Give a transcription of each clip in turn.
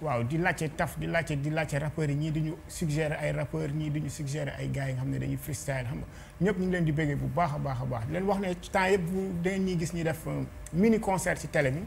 waaw di laajte taf di laajte di laajte rappeur yi ñii di ñu suggérer ay rappeurs ñii di ñu suggérer ay gars yi nga xam ne dañuy freestyle xam nga ñëpp ñu ngi leen di béggee bu baax a baax a baax di leen wax ne temps yëpp da ngeen gis ñuy def euh, mini concert ci télé bi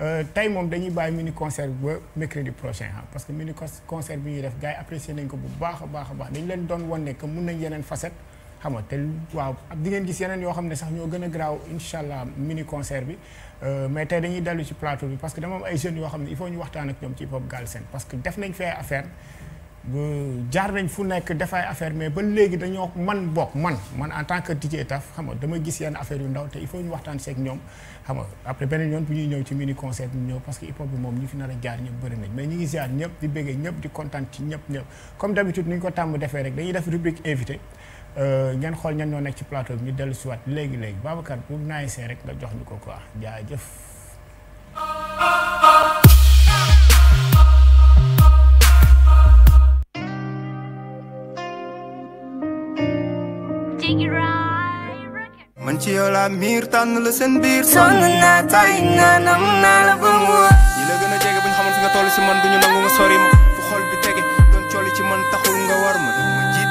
euh, tey moom dañuy bàyyi mini concert ba mercredi prochain ah parce que mini concert bi ñu def gars yi apprécier nañ ko bu baax a baax a baax dañ leen doon wan ne mun nañ yeneen facette xam nga te waaw di ngeen gis yeneen yoo xam ne sax ñoo gën a garaaw incha allah mini concert bi. Euh, mais tey dañuy dellu ci plateau bi parce que dama am ay jeunes yoo xam ne il faut ñu waxtaan ak ñoom ci hip hop Galsen parce que def nañ fee affaire bu jaar nañ fu nekk dafay affaire mais ba léegi dañoo man bokk man man en tant que DJ Taf xam dama gis yenn affaire yu ndaw te il faut ñu waxtaan seeg ñoom xam nga après beneen yoon bu ñuy ñëw ci mini concert ñu ñëw parce que hip hop bi moom ñi fi nar a jaar ñëpp bëri nañ mais ñi ngi jaar ñëpp di béggee ko tàmm defee rek dañuy def rubrique Euh, ngeen xool ñan ñoo nekk ci plateau bi ñu dellu si waat léegi léegi Babacar bu naay see rek nga jox ñu ko quoi jaajëf. man ci yow laa miir tànn la seen biir. sonn naa tay naa nam naa la ba mu wax. la gën a jege bu ñu xamoon nga toll si man du ñu nangu nga sori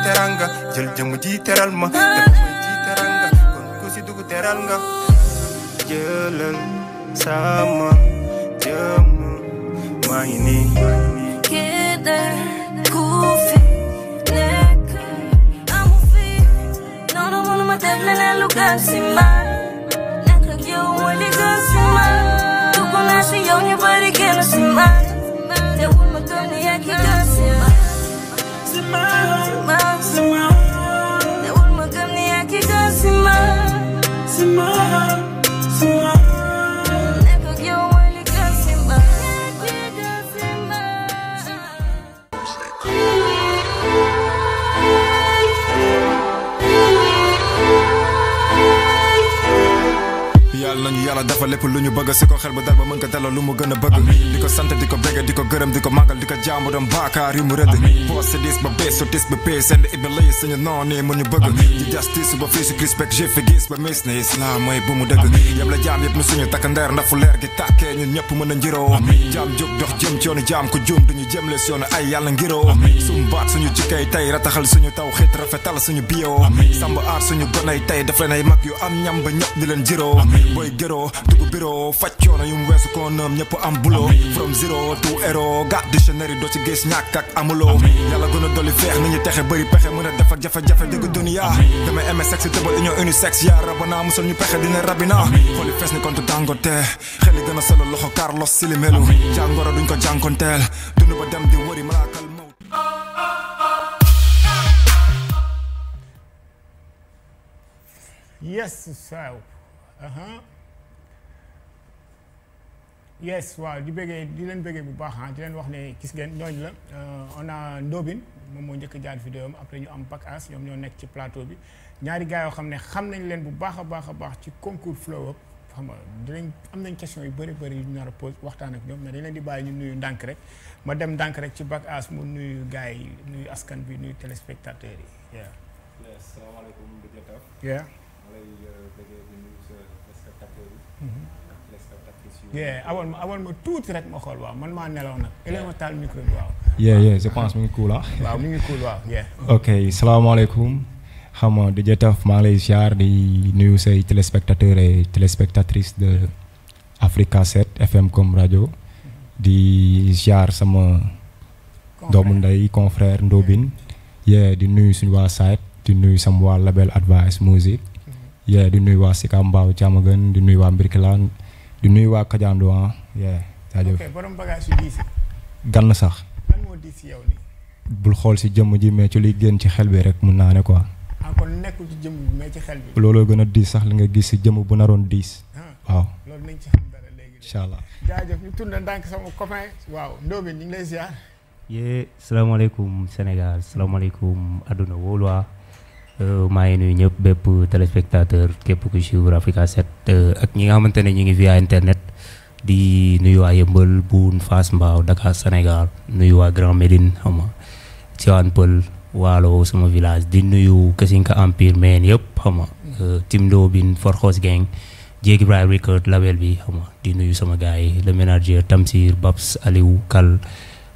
teranga jël jëmu ji teral ma def ah. ma ji teranga kon ku si dugg teral nga jëlal sama jëm maa ngi nii def na lu gën si man naka yow mooy li gën si man dugg naa si yow ñu bari génn si man te wul ma doon yaa ngi gën si man si man Simama, na umma kamni yake ta simama, simama, simama. yàlla nañu yàlla dafa lu ñu bëgg si ko xel bu dal ba mën ko dalal lu mu gën a bëgg di ko sant di ko bégge di ko gërëm di ko màggal di ko jaamu doon baakaar yu mu rëdd poste dis ba bee su tis ba pee send ibalay suñu noonee mu ñu bëgg di justice ba fii su crispect jëfe gis ba mis ne islam mooy bu mu dëgg yam la jaam yëpp mu suñu takk ndeer ndafu leer gi tàkk jotee ñun mën a jaam jóg dox jëm ci jaam ko juum duñu jëm les yoonu ay yàlla ngiroo suñu baat suñu jikkay tey rataxal suñu taw xit rafetal suñu bio samba aar suñu gonay tey daf leen ay mag yu am ñam ba ñëpp di leen jiroo booy géroo dugg biro faj coono yu mu weesu koo noom am bulo from zero to hero ga dictionnaire doo ci gis ñàkk ak amuloo yàlla gën a dolli feex nañu texe bëri pexe mën a def ak jafe-jafe dëgg dunia dama aimé sexe tëbal union unisex yaa rabana musul ñu pexe dina rabina a tëla loxo Carlos silimelu jàngoro duñ ko jànkonteel dund ba dem di wëri malaakal maw yes sir uh-huh. yes waaw di bëggee di leen bëggee bu baax ah, di leen wax ne gis ngeen ñooñu la uh, on a Ndobin moom moo njëkk jaar vidéo am après ñu am Pacas ñoom ñoo nekk ci plateau bi ñaari gars yoo xam ne xam nañ leen bu baax a baax a baax ci concours flow xam nga dinañ am nañ question yu bëri bëri yu ñu nar waxtaan ak ñoom mais dañ leen di bàyyi ñu nuyu ndànk rek ma dem ndànk rek ci bac as mu nuyu gars yi nuyu askan bi nuyu téléspectateurs yi. waaw. asalaamaaleykum Mbadou ma lay euh, mm-hmm. ma awoon tuuti rek ma xool waaw man maa nelaw nag. waaw ma taal micro bi waaw. waaw je pense mu ngi cool ah. waaw mu ngi cool waaw. ok salaamaaleykum. xam nga di jëtaf maa di nuyu say téléspectateurs et téléspectatrices de Africa 7 FM comme rajo di ziar sama doomu ndey confrère Ndobin yee di nuyu suñ waa site di nuyu sama waa label Advice Music yee di nuyu waa Sika Mbaaw di nuyu waa Mbirkilaan di nuyu waa Kajaando ah gann sax bul xool si jëmm ji mais ci luy génn ci xel bi rek mun naa ne quoi ah kon nekkul ci looloo gën a diis sax li nga gis si jëm bu naroon diis. Ah, waaw loolu nañ ci xam dara léegi. incha allah jaajëf ñu tourné ndànk waaw Ndobé ñu ngi lay ziar. yee salaamaaleykum Sénégal salaamaaleykum adduna wóoluwaa euh, maa ngi nuyu ñëpp bépp téléspectateur képp ku suivre Africa 7 euh, ak ñi nga xamante ne ñu ngi via internet di nuyu waa Yëmbal Boune Fass Mbao Dakar Sénégal nuyu waa Grand Médine xam nga Tivaouane Peulh waalo sama village di nuyu Kasinka Empire meen yëpp xam nga euh, Tim Lo bin Forxos Gang Jéeg Ibrahima Record label bi xam nga di nuyu sama gars yi le manager Tamsir Babs Aliou Kal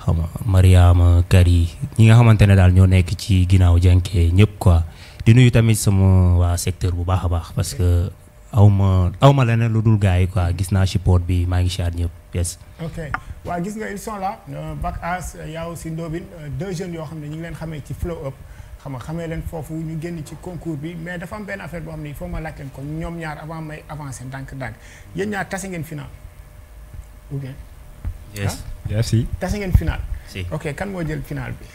xam nga Mariama Kari ñi nga xamante ne daal ñoo nekk ci ginnaaw jànkee ñëpp quoi di nuyu tamit sama waa secteur bu baax a baax parce que aw ma aw ma leneen lu dul gars yi quoi gis naa support bi maa ngi si ñëpp yes. waaw gis nga ils sont là euh, Bac As euh, yaa si Ndobin euh, deux jeunes yoo xam ne ñu ngi leen xamee ci flow up xam nga xamee leen foofu ñu génn ci concours bi mais dafa am benn affaire boo xam ne il faut ma laaj leen ko ñoom ñaar avant may avancer ndànk-ndànk yéen ñaar tase ngeen final ou bien. yes ah? tase ngeen final. si ok kan moo jël final bi.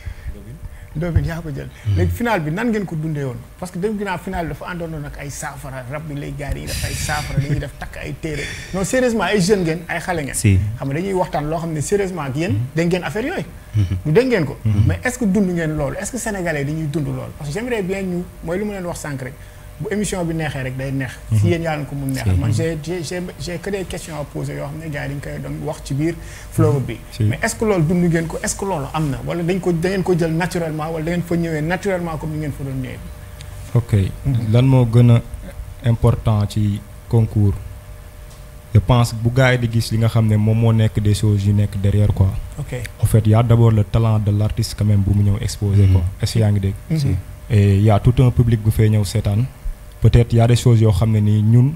Ndofène yaa ko jël. Hmm. léegi final bi nan ngeen ko dundee woon parce que dégg naa final bi dafa àndoon nag ay saafara rab bi lay gaar yi def ay saafara dañuy def takk ay téere non sérieusement ay jeunes ngeen ay xale ngeen. xam ne dañuy waxtaan loo xam ne sérieusement ak yéen hmm. dégg ngeen affaire yooyu. du hmm. dégg ngeen ko. mais est-ce que dund ngeen loolu est-ce que sénégalais dañuy dund loolu parce que j'aimerais bien ñu mooy li mu leen wax sànq rek. bu émission bi neexee rek day neex. Mhm. si yéen yaa ngi ko mun neexal man j'ai j'ai j'ai que des questions à poser yoo xam ne gars yi dañ koy doon wax ci biir flow bi. Mhm. mais est-ce que loolu dund ngeen ko est-ce que loolu am na wala dañ ko da ngeen ko jël naturellement wala da ngeen fa ñëwee naturellement comme ni ngeen fa doon ñëwee. ok mhm. lan moo gën a important ci concours. je pense bu gars yi di gis li nga xam ne moom moo nekk des choses yu nekk derrière quoi. ok en fait y a d'abord le talent de l'artiste quand même bu mu ñëw exposer quoi. est-ce que yaa ngi dégg. et y a tout un public bu fee ñëw seetaan. peut-être y a yoo xam ne nii ñun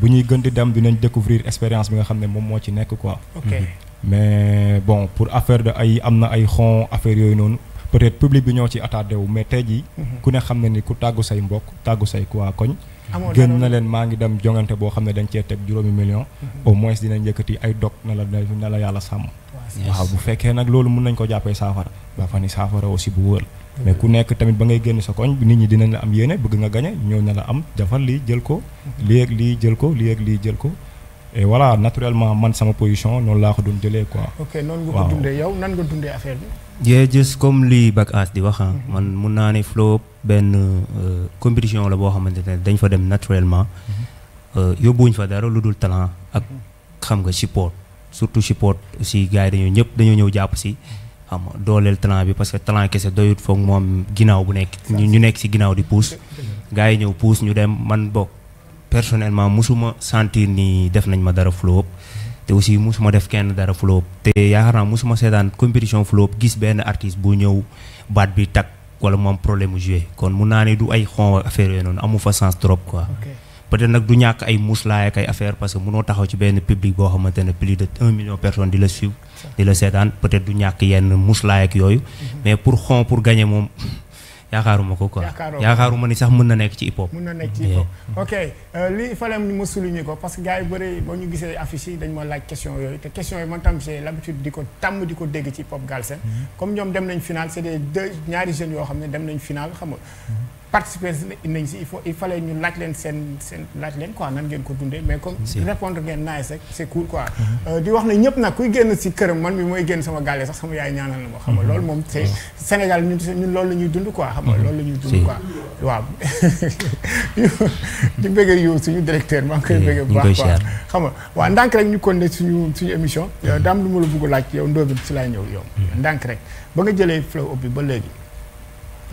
bu ñuy gën di dem dinañ découvrir expérience bi nga xam ne moom moo ci nekk quoi. ok mhm. mais bon pour affaire de ay am na ay xon affaire yooyu noonu. peut-être public bi ñoo ci attardé wu mais tey jii. Mhm. ku ne xam ne ni ku tàggu say mbokk tàggu say quoi koñ. gën na leen maa ngi dem jongante boo xam ne dañ cee teg juróomi million. Mhm. au moins dina yëkkati ay dog na la na la yàlla sàmm. waaw bu fekkee nag loolu mun nañ ko jàppee saafara. dafa ni saafara aussi bu wóor mais ku nekk tamit ba ngay génn sa bu nit ñi dinañ la am yéene bëgg nga gañe ñëw na la am defal lii jël ko lii ak lii jël ko lii ak lii jël ko voilà naturellement man sama position noonu laa ko doon jëlee quoi. ok noonu nga ko dundee yow nan nga dundee affaire bi. comme lii Bac As di wax ah, mhm. man mun naa ne flow benn euh, compétition la boo xamante ne dañ fa dem naturellement mhm. euh, yóbbuwuñ fa dara lu dul talent ak mhm. xam nga support surtout support aussi gars yi dañoo ñëpp dañoo ñëw jàpp si. xam nga dooleel talent bi parce que talent kese doyut foog moom ginnaaw bu nekk ñu nekk ci ginnaaw di puus gars yi ñëw puus ñu dem man bokk personnellement mosuma sentir ni def nañ ma dara flop te aussi mosuma def kenn dara flop te yaakaar naa musuma seetaan compétition flop gis benn artiste bu ñëw baat bi takk wala moom problème mu joué kon mun naa ne du ay xon affaire yooyu noonu amu fa sens trop quoi. peut-être nag du ñàkk ay muuslaay ay affaire parce que mënoo taxaw ci benn public boo xamante ne plus de un million personnes di la suivre di la seetaan peut-être du ñàkk yenn muuslaay yooyu mhm. mais pour xon pour gagner moom yaakaaruma ko quoi yaakaaruma ni sax mën na nekk ci hip hop. Eh. ok euh, lii il fallait ma souligner ko parce que gars yi bëri ba ñu gisee affiche yi dañ ma laaj question yooyu te question yi man tam j'ai l'habitude di ko tàmm di ko dégg ci hip hop Galsen mhm. comme dem nañ final ñaari jeunes yoo xam ne dem nañ final xam nga mhm. participer nañ si il faut il fallait ñu laaj leen seen seen laaj leen quoi nan ngeen ko dundee mais comme répondre ngeen nice rek c'est cool quoi mm-hmm. euh, di wax na ñëpp nag kuy génn si këram man mi mooy génn sama gàlle sax sama yaay ñaanal na ma xam nga mm-hmm. loolu moom c'est mm-hmm. Sénégal ñun ñun loolu la ñuy dund quoi xam nga lool la ñuy dund quoi waaw di bëggee yow suñu directeur maa ngi koy bëggee bu baax quoi xam nga waaw ndànk rek ñu continuer suñu suñu émission euh, daam lu ma la bëgg laaj yow ndóobin si laay ñëw yow ndànk rek ba nga jëlee flow bi ba léegi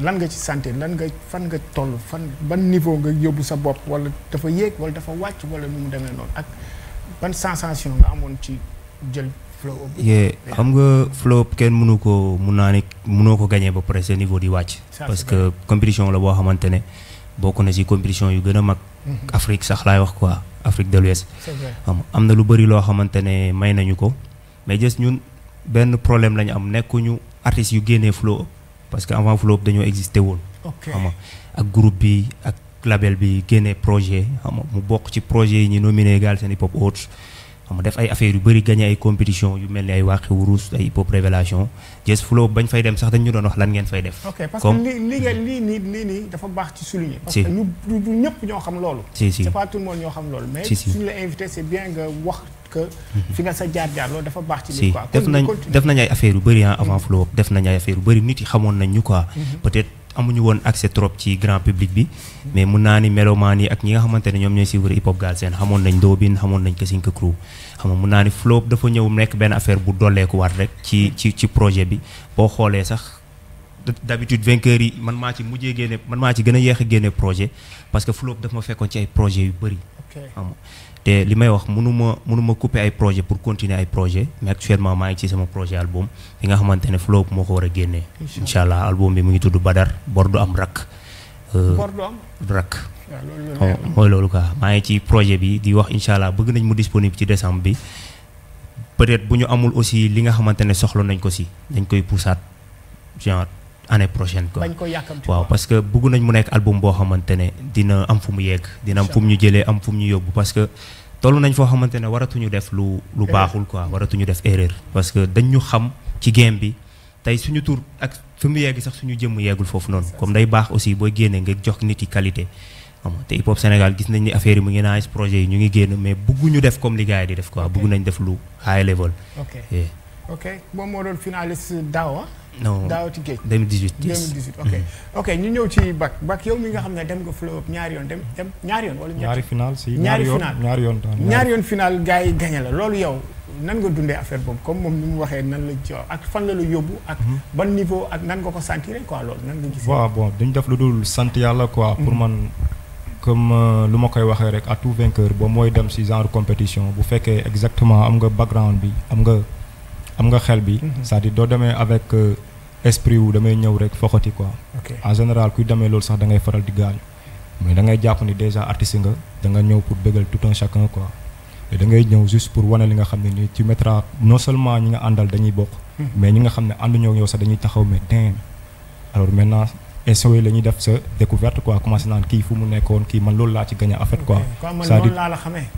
lan nga ci santé lan nga fan nga toll fan ban niveau nga yóbbu sa bopp wala dafa yéeg wala dafa wàcc wala nu mu demee noonu ak ban sensation nga amoon ci jël flow yee xam nga flow kenn mënu ko mun naa ne mënoo ko gagné ba pare sa niveau di wàcc parce que compétition la boo xamante ne bokk na ci compétition yu gën a mag mm-hmm. Afrique sax laay wax quoi Afrique de l'Ouest xam am na lu bëri loo xamante ne may nañu ko mais gis ñun benn problème lañu am nekkuñu artistes yu génnee flow parce que avant Flop dañoo existé woon. ak groupe bi ak label bi génne projet xam mu bokk ci projet yi ñu nominé Galsen Hip Hop Awards xam def ay affaires yu bëri gagné ay compétition yu mel ni ay Waxi Wurus ay Hip Hop Révélation Jess Flop bañ fay dem sax dañ ñu doon wax lan ngeen fay def. ok parce que li nga lii nii lii nii dafa baax ci souligner. ñëpp ñoo xam loolu. si si suñu la invité c'est bien nga wax. que fi nga sa jaar jaar loolu dafa baax. ci nit quoi def def nañ ay affaire yu bëri avant mm-hmm. flow def nañ ay affaire yu bëri nit yi xamoon nañ ñu quoi. Mm-hmm. peut-être amuñu woon accès trop ci grand public bi. mais mun naa ni melomaan yi ak ñi nga xamante ne ñoom ñooy suivre hip hop Galsen xamoon nañ Ndobin xamoon nañ Kasinka Crew. xam nga mun naa ni flow dafa ñëw nekk benn affaire bu dolleeku war rek mm-hmm. ci ci projet bi boo xoolee sax. d'habitude vainqueur yi man maa ci mujjee génne man maa ci gën a yéex a projet parce que Flop daf ma fekkoon ci projet yu bëri. te li may wax mënu ma mënu ma ay projet pour continuer ay projet mais actuellement maa ngi ci sama projet album bi nga xamante ne Flow moo ko war a génnee incha allah album bi mu ngi tudd ba bor bor du am rakk euh, oh, mooy loolu quoi maa ngi ci projet bi di wax incha allah bëgg nañ mu disponible ci décembre bi peut-être bu ñu amul aussi li nga xamante ne soxla nañ ko si dañ koy poussaat genre année prochaine quoi waaw parce que bëgg nañ mu nekk album boo xamante ne dina am fu mu yegg dina am fu mu ñu jëlee am fu mu ñu yóbbu parce que toll nañ foo xamante ne waratuñu def lu lu baaxul quoi waratuñu def erreur parce que dañ ñu xam ci game bi tey suñu tur ak fi mu yegg sax suñu jëmm yeggul foofu noonu comme day baax aussi booy génnee nga jox nit yi qualité xam nga te hip hop Sénégal gis nañ ni affaire mu ngi naan projet yi ñu ngi génn mais bëgguñu def comme li gars yi di bëgg nañ def lu high level ok moom moo doon finaliste daaw ah? non daaw ci géej. 2018 2018 ok. ok ñu ñëw ci bac bac yow mi nga xam ne dem nga flow up ñaari yoon dem dem ñaari yoon. wala ñaari final si ñaari final ñaari yoon ñaari yoon final gars yi gagné la loolu yow nan nga dundee affaire boobu comme moom ni mu waxee nan la ci ak fan la la yóbbu ak. Mhm. ban niveau ak nan nga ko sentir quoi loolu nan nga gis. waaw bon dañu def lu dul sant yàlla quoi. Mhm. pour man comme euh, lu ma koy waxee rek à tout vainqueur ba mooy dem si genre compétition bu fekkee exactement am nga background bi am nga. am nga xel bi. Mhm. cest à doo demee avec euh, esprit wu damay ñëw rek foxati quoi. en général kuy demee loolu sax da ngay faral di gaañu. mais da ngay jàpp ni déjà artiste nga da nga ñëw pour bëggal tout un chacun quoi. dangay ñëw juste pour wane li nga xam ne nii ci mettra non seulement ñi nga àndal dañuy bokk. Mhm. mais ñi nga xam ne ànduñoo yow sax dañuy taxaw mais alors maintenant instant yooyu e la ñuy def sa découverte quoi commencé naan kii fu mu nekkoon kii man loolu laa ci gagné en fait quoi. c'est-à-dire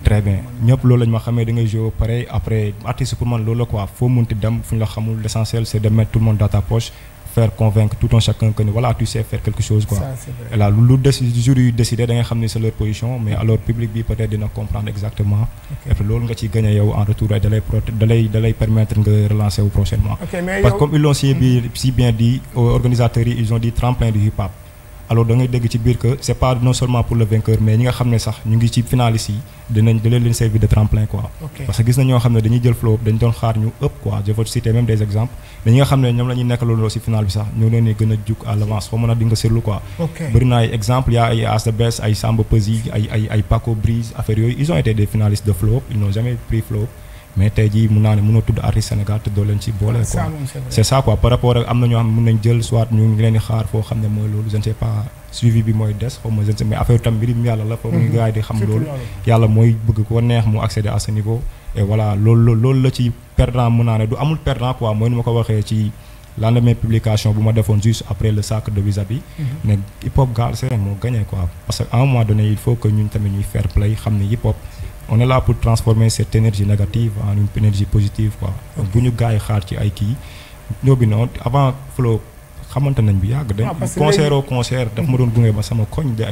très bien ñëpp loolu la ma xamee da ngay joué après artiste pour loolu la quoi foo munti dem fu ñu la xamul l'essentiel c'est de mettre tout le monde dans poche faire convaincre tout un chacun que ni voilà tu sais faire quelque chose quoi. ça lu décidé da xam ni c'est leur position mais alors public bi peut-être dina comprendre exactement. et nga ciy gagné yow en retour da permettre nga relancer prochainement. parce que comme ils l'ont si mhm. bien dit organisateurs ils ont dit tremplin du hip hop. alors da ngay dégg ci biir que c' est pas non seulement pour le vainqueur mais ñi nga xam ne sax ñu ngi ci finaliste yi dinañ da leen leen servir de tremplin quoi. parce que gis na ñoo xam ne dañuy jël flow dañ doon xaar ñu ëpp quoi je veux même des exemples mais nga xam ne ñoom la nekk loolu si final bi sax ñoo leen gën a jug à foo mën a di nga quoi. bëri ay exemple y' a ay As the Best ay Samba Peuzzi ay ay Paco Brise affaire yooyu mais tey jii mun naa ne mënoo tudd artiste Sénégal te doo leen ci boole quoi c' est ça quoi par rapport ak am na ñoo xam ne jël soit ñu ngi xaar foo xam ne mooy loolu je ne pas suivi bi mooy des xaw ma je mais affaire tam mbirum yàlla la foofu ñu mhm. gars yi di xam loolu yàlla mooy bëgg ko neex mu accéder à ce niveau et voilà loolu la ci perdant mun naa ne du amul perdant quoi mooy nu ma ko waxee ci lendemain publication bu ma defoon juste après le sac de vis mhm. un moment donné on est pour transformer cette énergie négative en une énergie positive quoi donc bu ñu gars yi xaar ci ay kii ñoo bi noonu avant Flo xamante nañ bu yàgg. dañ concert au concert daf ma doon gunge ba sama koñ de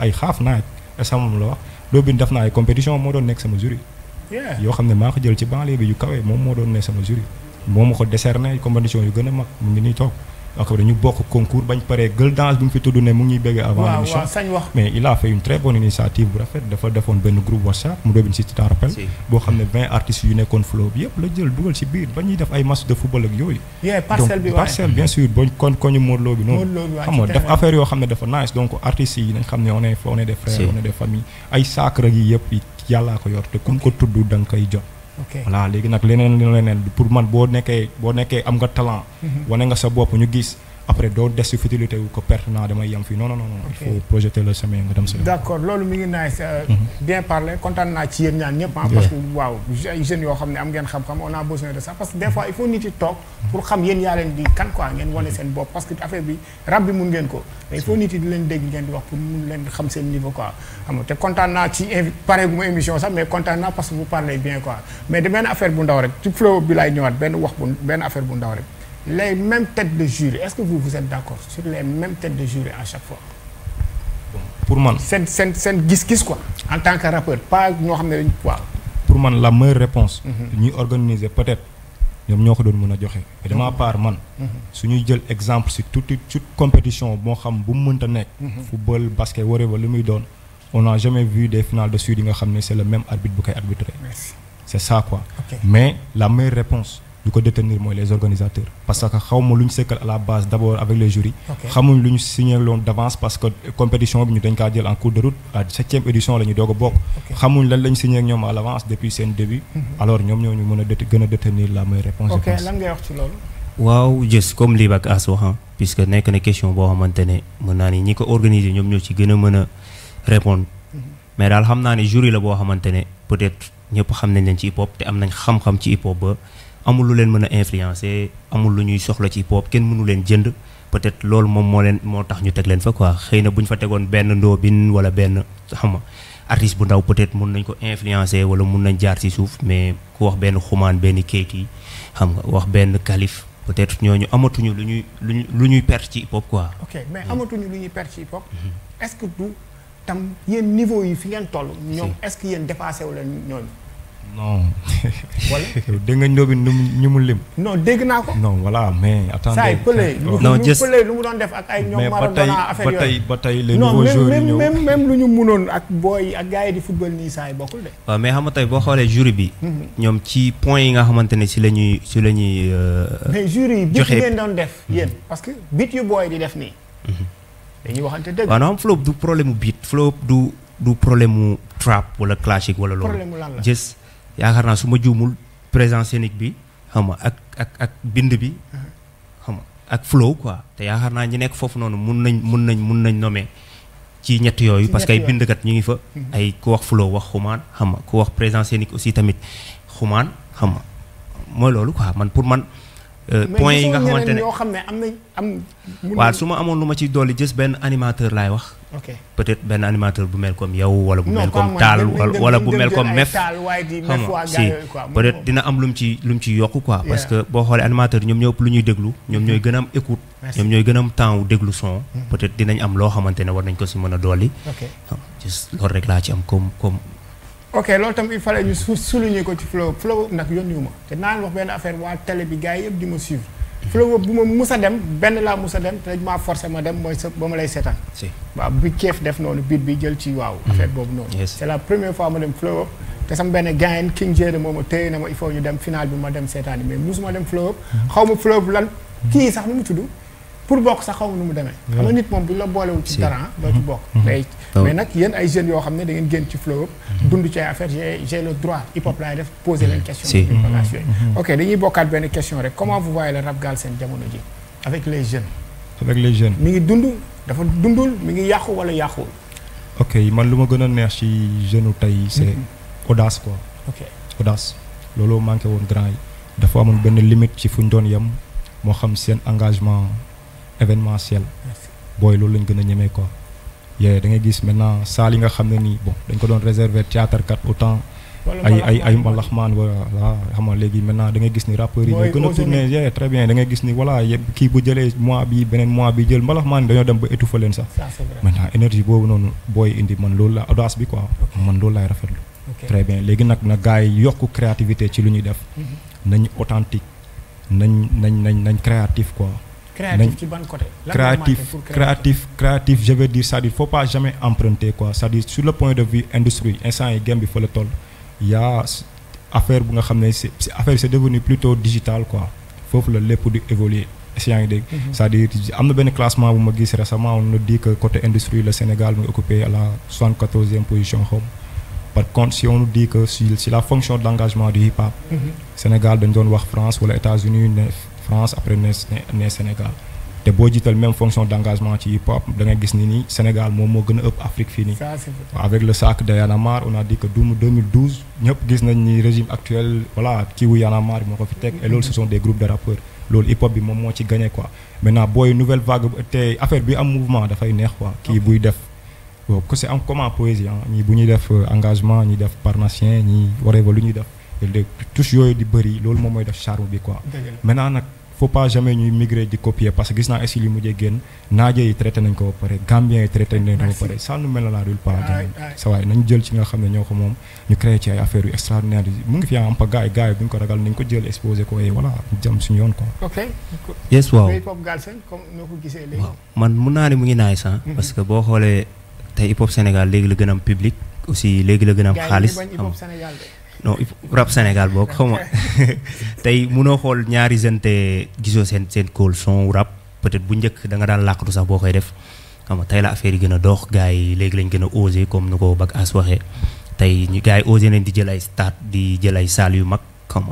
ay xaaf naa et sama la wax loo bi def naa ay compétition moo doon nekk sama jury. yoo xam ne maa ko jël ci banlieue bi yu kawee moom moo doon nekk sama jury. moo ma ko décerné compétition yu gën a mag mu ngi nii toog. après ñu bokk concours bañ paree gël danse bi mu fi tudd ne mu ngi béggee avant l'émission mais il a fait une très bonne initiative bu rafet dafa defoon benn groupe WhatsApp mu doobin si t'en boo xam ne vingt artistes yu nekkoon flow bi yëpp la jël dugal si biir ba ñuy def ay match de football ak yooyu donc bien sûr ba kon koñu Modou bi noonu xam def affaire yoo xam ne dafa nice donc artistes yi nañ xam ne on est on est des frères on est des ay sacre yi te ku ko tudd da nga koy jot voilà léegi nag leneen leneen pour man boo nekkee boo nekkee am nga talent. Mhm. wane nga sa bopp ñu gis. après doo des si futilité wu ko pertinent damay yem fii non non non il faut projeter le chemin nga dem si. d' accord loolu mi ngi nice euh, mhm. bien parlé kontaan naa ci yéen ñaan ñëpp ah. parce que waaw ay jeunes yoo xam ne am ngeen xam-xam on a besoin de ça parce que des fois il faut nit yi toog pour xam yéen yaa leen di kan quoi ngeen wane seen bopp parce que affaire bi rab bi mun ngeen ko. il faut nit yi di leen dégg ngeen di wax pour mun leen xam seen niveau quoi xam nga te kontaan naa ci invi pare gu ma émission sax mais kontaan naa parce que vous parlez bien quoi mais de benn affaire bu ndaw rek ci flow bi laay ñëwaat benn wax bu benn affaire bu ndaw rek. les même têtes de jury est-ce que vous vous êtes d'accord sur les mêmes têtes de jury à chaque fois. pour man seen seen seen gis-gis ko en tant que rappeur pas ñoo xam ne dañ pour man la meilleure réponse mhm. ñuy organiser peut-être ñoom ñoo ko doon mën a joxe. et de ma mhm. man. Mhm. su ñuy jël exemple si toute toute compétition moo xam bu mu mënta nekk. football basket waree ba li muy doon. on n'a jamais vu des finales de sud yi nga xam ne c'est le même arbitre bu koy arbitrer. c'est ça mais la meilleure réponse ñu ko détenir mooy les organisateurs parce que xaw ma lu ñu sekkal à la base d' abord avec les jurys xamuñ lu ñu signé loon d' parce que compétition bi ñu dañ kaa jël en cours de route à édition la ñu a bokk xamuñ lan lañ ñoom à depuis seen début mhm. alors ñoom ñoo ñu mën a gën a détenir la meilleure réponse ok lan boo ko organiser ñoom ñoo ci gën a mën a répondre mhm. mais daal xam naa ne jury la boo xamante peut être ñëpp xam xam-xam ci hip amul lu leen mën a influencer amul lu ñuy soxla ci pop kenn mënu leen jënd peut-être loolu moom moo leen moo tax ñu teg leen fa quoi xëy na bu ñu fa tegoon benn ndoobin wala benn xam nga artiste bu ndaw peut-être mun nañ ko influencer wala mun nañ jaar ci suuf mais ku wax benn xumaan benn kayit yi xam nga wax benn kalif peut ñoo ñu amatuñu lu ñuy lu ñuy perte ci hip-hop quoi. ok mais hmm. amatuñu lu ñuy perte ci hip mhm. est que du tam yéen niveau yi fi ngeen toll. ñoom est-ce wu leen ñooñu. non. wala dégg nga Ndiobi nu ñu mu lim. non dégg naa ko. no voilà mais. attendez saa yu pële oh. lu mu doon def ak ay ñoom Maradona affaire yooyu mais ba tey ba tey les nouveaux joueurs yi ñëw même même lu ñu mënoon ak booy ak gars yi di football nii saa yi bokkul de. waaw mais xam nga tey boo xoolee jury bi. Mhm. ñoom ci point yi nga xamante ne si la ñuy si la ñuy. joxe euh, mais yi bit ngeen def mhm. yéen parce que bit yu booy di def nii. Mhm. dañuy waxante dëgg. waaw non flop du problème mu bit flop du du problème mu trap wala classique wala loolu. problème mu lan yaakaar naa su ma juumul présent scénique bi xam nga ak ak ak bind bi xam nga ak flow quoi te yaakaar naa ñi nekk foofu noonu mun nañ mun nañ mun nañ nommer ci ñett yooyu parce que ay bindkat ñu ngi fa mhm. ay ku wax flow wax xumaan xam nga ku wax présence scénique aussi tamit xumaan xam nga mooy loolu quoi man pour man Euh, point yi nga xamante ne ñoo xam ne am nañ am. waaw su ma amoon lu ma ciy dolli gis benn animateur laay wax. peut-être benn animateur bu mel comme yow. wala bu mel comme taal wala bu mel comme mef. xam nga si peut-être dina am lu mu ci lu mu ci yokk quoi. parce que boo xoolee animateur ñoom ñoo ëpp lu ñuy déglu ñoom mm-hmm. ñooy gën a am écoute. ñoom ñooy gën a am temps déglu son. Mm-hmm. peut-être dinañ am loo xamante ne war nañ ko si mën a dolli. ok loolu rek laa ci am comme comme. ok loolu tam il fallait ñu ko ci flow flow nag yónniwu ma te naa leen wax benn affaire waa tele bi gars yi yëpp di ma suivre flow bu ma mus a dem benn laa mus a dem te dañ maa forcé ma dem mooy sa ba lay seetaan waaw bi keef def noonu biit bi jël ci waaw mm-hmm. affaire boobu noonu c'est la première fois ma benn gayen King Jéré moo ma téye na ma il faut ñu dem final bi ma dem seetaan yi mais musuma dem flow mm-hmm. xaw ma flow lan kii sax nu mu tudd pour bokk sa xaw nu mu demee. Hmm. xam nga nit moom bu la boolewul ci dara doo hmm. bokk. Hmm. mais nag yéen ay jeunes yoo xam ne da ngeen génn ci flow dund ci ay affaire j'ai le droit hip hop laay def poser leen question. si ok dañuy bokkaat benn question rek comment vous voyez le seen galsen jamono ji avec les jeunes. avec les jeunes mi ngi dund dafa dundul mi ngi yàqu wala yàquwul. ok man lu ma gën a neex ci jeune tey c'est audace ko ok audace looloo manqué woon grand yi dafa amoon benn limite ci fu ñu doon yem moo xam seen engagement. événementiel. booy loolu lañ gën a ñemee quoi. yee da ngay gis maintenant salle yi nga xam ne nii bon dañ ko doon réserver théâtre kat autant. ay ay ay mbalaxmaan voilà xam nga léegi maintenant da ngay gis ni rappeurs yi ñoo gën a tourné ye très bien da gis ni voilà kii bu jëlee mois bi beneen mois bi jël mbalaxmaan yi dañoo dem ba étouffé leen sax maintenant énergie boobu noonu booy indi man loolu la audace bi ko man loolu laay rafetlu très bien léegi nag na gars yi yokk créativité ci lu ñuy def mhm. nañ authentique nañ nañ nañ nañ créatif quoi créatif ci ban côté. créatif créatif créatif je veux dire c'est-à-dire faut pas jamais emprunter quoi c'est-à-dire sur le point de vue industrie instant yi game bi fa la toll y'a affaire bu nga xam ne c'est affaire c'est devenu plutôt digital quoi foofu la lépp di évoluer si yaa ngi dégg. Mhm. c'est-à-dire am na benn classement bu ma gis récemment on nous dit que côté industrie le Sénégal mu occupé à la soixante-quatorzième position xaw par contre si on nous dit que si si la fonction d'engagement du hip-hop. Mhm. Sénégal dañ doon wax France wala États-Unis ne. France après ne ne Sénégal te boo jiital même fonction d' engagement ci hip hop da gis ni ni Sénégal moom moo gën a ëpp Afrique fii nii. avec le sac de Y'en a marre on a dit que duum ñëpp gis nañ régime actuel voilà kii wu moo ko fi teg. et loolu ce sont de rappeurs. loolu hip hop bi moom moo ci gagné quoi maintenant booy nouvelle vague te affaire bi am mouvement dafay neex quoi. kii buy def que c' est am comment poésie ah bu ñuy def euh, engagement ñi def parnasien ñi waree ba lu ñuy def. touche yooyu di bëri loolu moom mooy def charme bi faut pas jamais ñuy migrer di copier parce que gis naa aussi li mujjee génn naaje yi traité nañ ko ba pare gambien yi traité nañ ko ba pare ça nous mène à la rue pas nañu jël ci nga xam ne ñoo ko moom ñu créé ci ay affaires yu extraordinaire mu ngi fi am pa gaay gaay bu ko ragal nañ ko jël exposé ko et voilà jam suñu yoon quoi. man mun naa ne mu ngi naay sax mm-hmm. parce que boo xoolee tey hip hop Sénégal léegi la gën a am public aussi léegi la gën a am xaalis non rap Sénégal boog xaw ma tey mënoo xool ñaari jeunes gisoo seen seen kóol son rap peut-être bu njëkk da nga daan làqatu sax boo koy def xam nga tey la affaire yi gën a dox gars yi léegi lañ gën a osé comme nu ko bag as waxee tey ñu gars yi osé nañ di jël ay stade di jël ay salle yu mag xam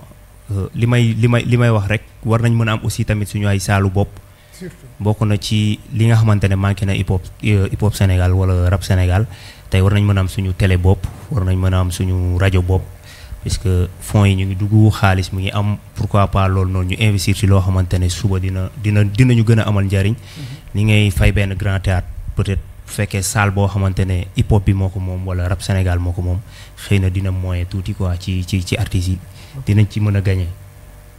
euh, li may li may li may wax rek war nañ mën a am aussi tamit suñu ay saalu bopp. bokk na ci li nga xamante ne manqué na hip hop euh, Sénégal wala rap Sénégal tey war nañ mën a am suñu télé bopp war nañ mën a am suñu rajo bopp. que fonds yi ñu ngi dugg xaalis mu ngi am pourquoi par loolu noonu ñu investir ci loo xamante ne suba dina dina dinañu gën amal njariñ mm-hmm. ni ngay fay benn grand théâtre peut-être bu fekkee salle boo xamante ne hip hop bi moo ko moom wala rap Sénégal moo ko moom xëy na dina moyen tuuti quoi ci ci ci artistes yi dinañ ci mën a gagné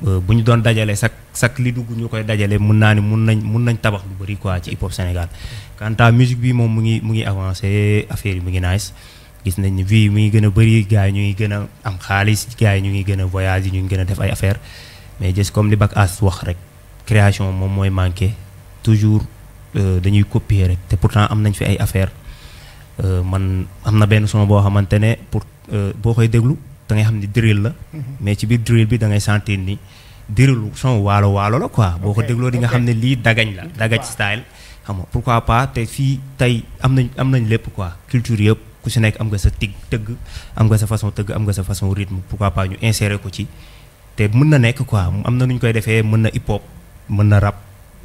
euh, bu ñu doon dajale sax sak li dugg ñu koy dajale mun naa ni mun nañ mun nañ tabax lu bëri quoi ci hip hop Sénégal mm-hmm. quant à musique bi moom mu ngi mu ngi avancé affaire yi mu ngi nice gis nañ ne vie yi muy gën a bëri gars ñu ngi gën a am xaalis gars yi ñu ngi gën a voyage yi ñu ngi gën a def ay affaire mais juste comme li Bac As wax rek création moom mooy manqué toujours euh, dañuy copier rek te pourtant am nañ fi ay affaire euh, man am na benn son boo xamante ne pour euh, boo koy déglu da ngay xam ni drill la mm-hmm. mais ci biir drill bi da ngay sentir ni dirilu son waalo waalo la quoi boo ko dégloo di nga xam ne lii dagañ la dagaj style xam nga pourquoi pas te fii tey am nañ am nañ lépp quoi culture yëpp ku si nekk am nga sa tig tëgg am nga sa façon tëgg am nga sa façon rythme pourquoi pas ñu insérer ko ci te mën na nekk quoi am na nu ñu koy defee mën na hip hop mën na rab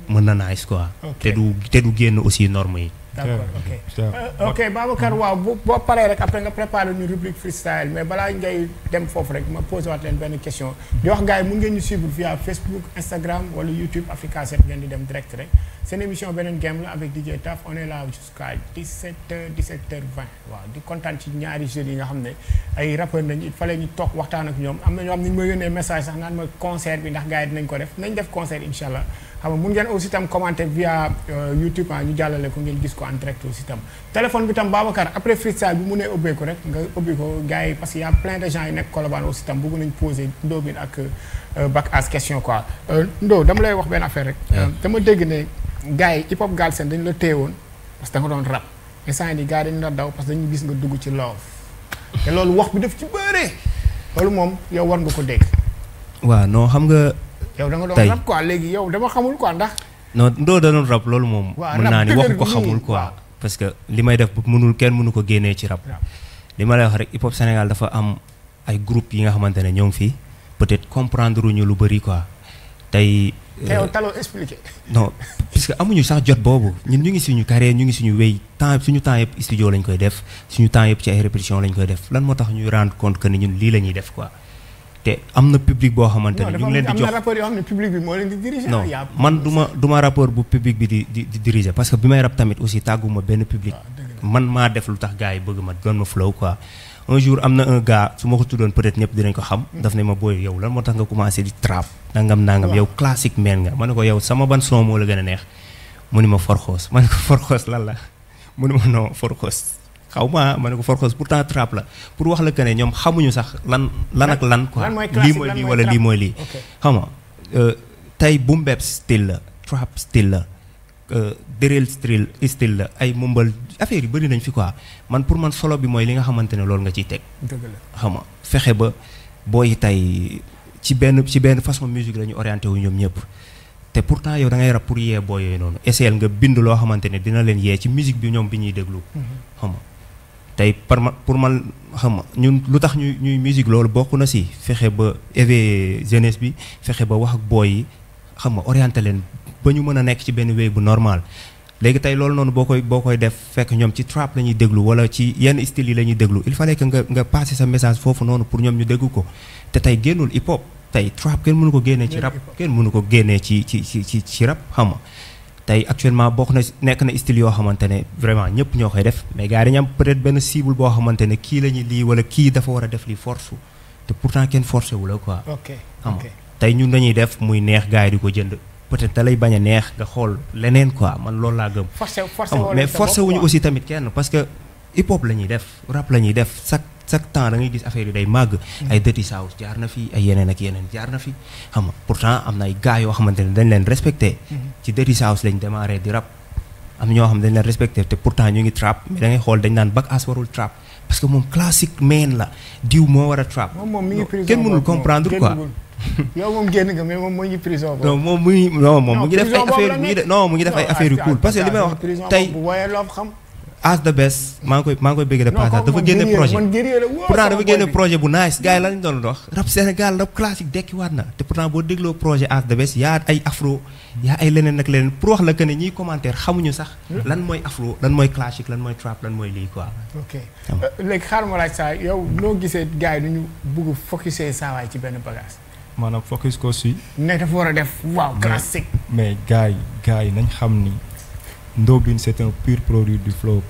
mën na nice quoi. te du te du génn aussi norme yi. d'accord ok euh, ok Babacar waaw bu boo paree rek après nga préparé ñu rubrique freestyle mais balaa ngay dem foofu rek ma posé waat leen benn question di wax gars yi mun ngeen ñu suivre via Facebook Instagram wala YouTube Africa 7 ngeen di dem direct rek seen émission beneen game la avec DJ waaw di kontaan ci ñaari jeunes yi nga xam ne ay rappeurs nañu il ñu toog waxtaan ak ñoom am na ñoo xam ne ñu message sax naan ma concert bi ndax gars yi dinañ ko def nañ def concert incha allah xam nga mun ngeen aussi tam commenter via euh, YouTube ah ñu jàllale ko ngeen gis ko en direct aussi tam téléphone bi tam Babacar après freestyle bi mu nee ubbeeku rek nga ubbi ko gars yi parce que a de gens yu nekk Colobane aussi tam bëgg nañ poser ak euh, bac as question quoi euh, Ndo dama lay wax benn affaire rek. dama dégg ne gars yi hip hop Galsen dañu la téye woon parce que da nga doon rap instant yii gars yi dañu la daw parce que dañu gis nga dugg ci love te loolu wax bi daf ci bëre loolu moom yow war nga ko dégg. waaw yow da nga doon rab quoi léegi yow dama xamul quoi ndax. non doo danoon rab loolu moom. waaw naa ni wax ko xamul quoi. parce que li may def mënul kenn mënu ko génnee ci rab. li ma lay wax rek hip hop Sénégal dafa am ay groupe yi nga xamante ne ñoo ngi fii peut-être comprendre ñu lu bëri quoi tey. te yow euh, taloo expliqué. non parce que amuñu sax jot boobu ñun ñu ngi suñu carré ñu ngi suñu wéy temps suñu temps yëpp studio lañ koy def suñu temps yëpp ci ay répétition lañ koy def lan moo tax ñuy rendre compte que ni ñun lii la ñuy def quoi. te am na public boo xamante ne ñu ngi leen di jox am na rapport diriger. non ah, man du ma du ma rapport bu public bi di diriger parce que bi may rap tamit aussi tàgguma benn public. Ah, man maa def lu tax gars yi bëgg ma doon ma flow quoi. un jour am na un gars su ma ko tuddoon peut-être ñëpp dinañ ko xam. Hmm. daf ne ma booy yow lan moo tax nga commencé di trap. nangam nangam yow classique man nga ma ne ko yow sama ban son moo la gën a neex. mu ni ma forxoos ma ne ko forxoos lan la mu ni ma non forxoos. xaw ma ma ne ko forxos pourtant trap la pour wax la que ne ñoom xamuñu sax lan lan ak lan quoi lii mooy lii wala lii mooy lii xam nga euh, tey boom bap style la trap style la euh, dëreel style style la ay mumbal affaire yi bëri nañ fi quoi man pour man solo bi mooy li nga xamante ne loolu nga ciy teg xam nga fexe ba booy tey ci benn ci benn façon musique la ñu orienté wu ñoom ñëpp te pourtant yow da ngay rap pour yee booy yooyu noonu essayel nga bind loo xamante ne dina leen yee ci musique bi ñoom bi ñuy déglu mm-hmm. tey par ma pour man xam ñun lu tax ñuy ñuy musique loolu bokk na si fexe ba éveiller jeunesse bi fexe ba wax ak booy yi xam nga orienté leen ba ñu mën a nekk ci benn wéy bu normal. léegi tey loolu noonu boo koy boo koy def fekk ñoom ci trap la ñuy déglu wala ci yenn style yi la ñuy déglu il fa que nga nga passé sa message foofu noonu pour ñoom ñu dégg ko te tey génnul hip hop tey trap kenn mënu ko génne ci rap kenn mënu ko génnee ci ci ci ci rap xam nga tey actuellement boo na nekk na style yoo xamante ne vraiment ñëpp ñoo koy def mais gars yi dañu am peut benn cible boo xamante ne kii la ñu lii wala kii dafa war a def lii force te pourtant kenn forcé wu la quoi. ok xam tey ñun dañuy def muy neex gaa yi di ko jënd. peut-être da bañ a neex nga xool leneen quoi man loolu laa gëm. forcé forcé aussi tamit kenn parce que hip hop la ñuy def rap la ñuy def chaque. chaque temps da ngay gis affaire yi day màgg. ay Dirty South jaar na fi ay yeneen ak yeneen jaar na fi xam nga pourtant am na ay gars yoo xamante ne dañ leen respecté. Mm-hmm. ci Dirty South lañ démarré di rap. am ñoo xam dañ leen respecté te pourtant ñu ngi trap mais da xool dañ naan bac as warul trap parce que moom classique main la diw moo war a trap. kenn mënul comprendre quoi. moom mu ngi def ay affaire yu mu ngi def ay affaire yu cool parce que may wax as the best maa ngi koy maa ngi koy bëgg de passage dafa génne projet pourtant dafa génne projet bu nice gars yi lañ doon dox rap Sénégal rap classique dekkiwaat na te pourtant boo dégloo projet as the best yaa ay afro yaa ay leneen ak leneen pour wax la que ne ñiy commentaire xamuñu sax lan mooy afro lan mooy classique lan mooy trap lan mooy lii quoi ok ah euh, léegi xaar ma laaj saa yow noo gisee gars yi duñu bugg focusé saa waay ci benn bagage maanaam focus ko si ne dafa war a def waaw classique mais gars yi yi nañ xam ni Ndobin c'est un pur produit du flop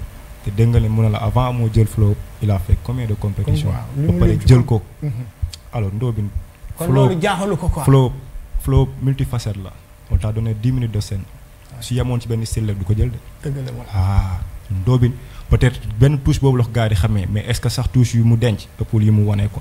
te dégg nga ne mu la avant moo jël flop il a fait combien de compétitions ba pare jël ko mhm. alors Ndobin kon loolu ko quoi flop flop multifacette la moo tax donné dix minutes de scène su yemoon ci benn style du ko jël de ah, Ndobin peut-être benn touche boobu la ko gars yi di xamee mais est-ce que sax touche yi mu denc ëppul yi mu wonee ko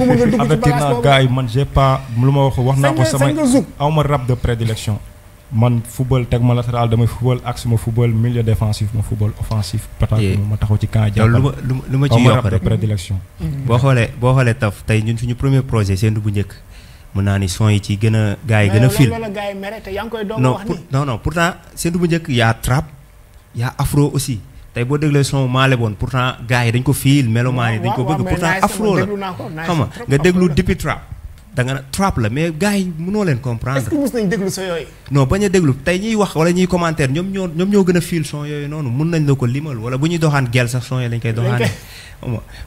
bëgguma nga dugg ci man j'ai pas ma wax wax naa ko sama ma rab de prédilection man football teg ma latéral damay football axe ma football milieu défensif ma football offensif. pataat ma taxaw ci lu ma lu ma ci yokk rek prédilection. Mm-hmm. boo xoolee boo xoolee taf tey ñun suñu premier projet seen bu njëkk mën naa ni son yi ci gën a gars yi gën a fil non non pourtant seen bu njëkk yaa a trap y' afro aussi. tey boo déglee son maale boon pourtant gars yi dañ ko fiil melomaan yi dañ ko bëgg pourtant afro la xam nga déglu dipi trap da nga trap la mais gars yi mënoo leen comprendre. est-ce que mës nañ déglu bañ a déglu tey ñuy wax wala ñuy commentaire ñoom ñoo ñoom ñoo gën a fiil son yooyu noonu mun nañ la ko limal wala bu ñuy doxaan gel sax son yooyu lañ koy doxaanee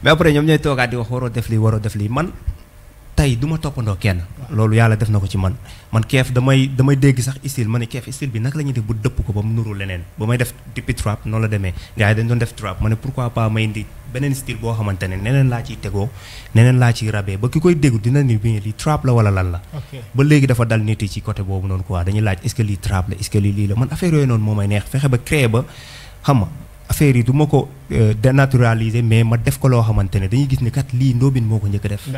mais après ñoom ñooy toogaat di wax waroo def lii waroo def lii man tey du ma toppandoo kenn loolu yàlla def na ko ci man man keef damay damay dégg sax style ma ne keef style bi naka la ñuy def bu dëpp ko mu nuru leneen ba may def depuis trap noonu la demee gars yi dañ doon def trap ma ne pourquoi pas may indi beneen style boo xamante ne neneen laa ciy tegoo neneen laa ciy rabee ba ki koy déggu dina ni bi trap la wala lan la ba léegi dafa dal nit yi ci côté boobu noonu quoi dañuy laaj est ce que lii trap la est lii lii la man affaire yooyu noonu moo may neex fexe ba créer ba xam nga affaire yi du ma ko euh, dénaturaliser mais ma def ko loo xamante ne dañuy gis ni kat lii ndóobin moo ko njëkk def. d'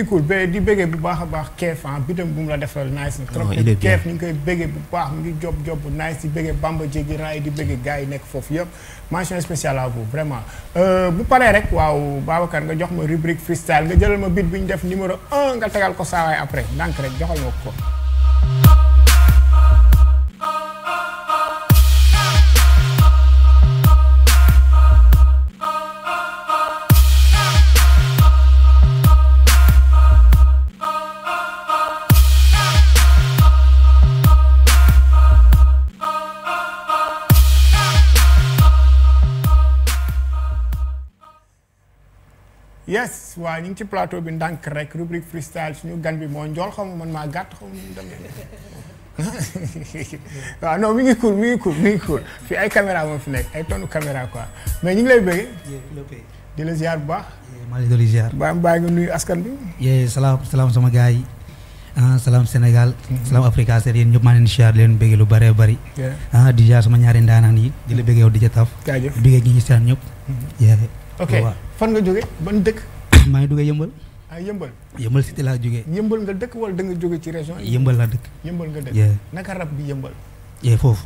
accord mi di bëggee bu baax a baax keef ah bitam bu mu la defal nice na oh, trop keef ni koy bëggee bu baax mi ngi job job bu nice di bëggee bamba jéggi raay di bëggee gars yi nekk foofu yëpp mention spéciale à vous vraiment euh, bu paree rek waaw Babacar nga jox ma rubrique freestyle nga jëlal ma bit bi ñu def numéro un nga tegal ko saawaay après ndànk rek joxal ma ko. yes waaw ñu ngi ci plateau bi ndànk rek rubrique freestyle suñu gan bi moo njool xam ma man maa gàtt xaw ma mu demee waaw non mi ngi cool mi ngi cool mi fii ay caméra moo fi nekk ay tonnu caméra quoi mais ñu ngi lay bëgg di la ziar bu baax maa ngi dolli ziar baa baa nga nuyu askan bi salaam salaam sama gars yi ah salaam Sénégal mm-hmm. salaam Africa seet yéen ñëpp maa leen ziar leen bëgg lu bëree bëri ah di ziar sama ñaari ndaanaan yi di la bëgg yow di ja taf di bëgg ñi ñu seet ñëpp mm-hmm. fan nga jóge ban dëkk. maa ngi duggee yëmbal. ah yëmbal. yëmbal cité laa jógee. yëmbal nga dëkk wala da nga jóge ci région. yëmbal laa dëkk. yëmbal nga dëkk. naka rab bi yëmbal. foofu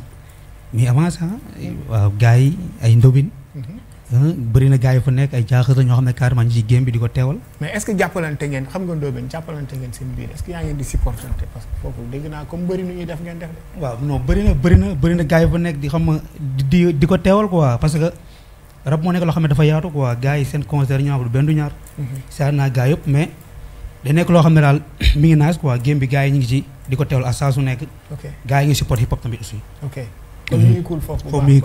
mais avant ça waaw gars yi ay ndobin. Mhm. Ah, bëri na gars yi ne carrément ñu ci game bi ko teewal. mais est-ce que nga ndobin jàppalante ngeen seen biir est-ce fa nekk di xam di di ko teewal quoi parce que rab moo nekk loo xam ne dafa yaatu quoi gars yi seen concert ñu am benn du ñaar. Mhm. seet naa gars yëpp mais da nekk loo xam ne daal mi quoi game bi gars yi ñu ngi ci di ko teewlu à saa su nekk. ok gars yi ngi support hip hop tamit aussi. ok mhm. kon foofu. foofu mi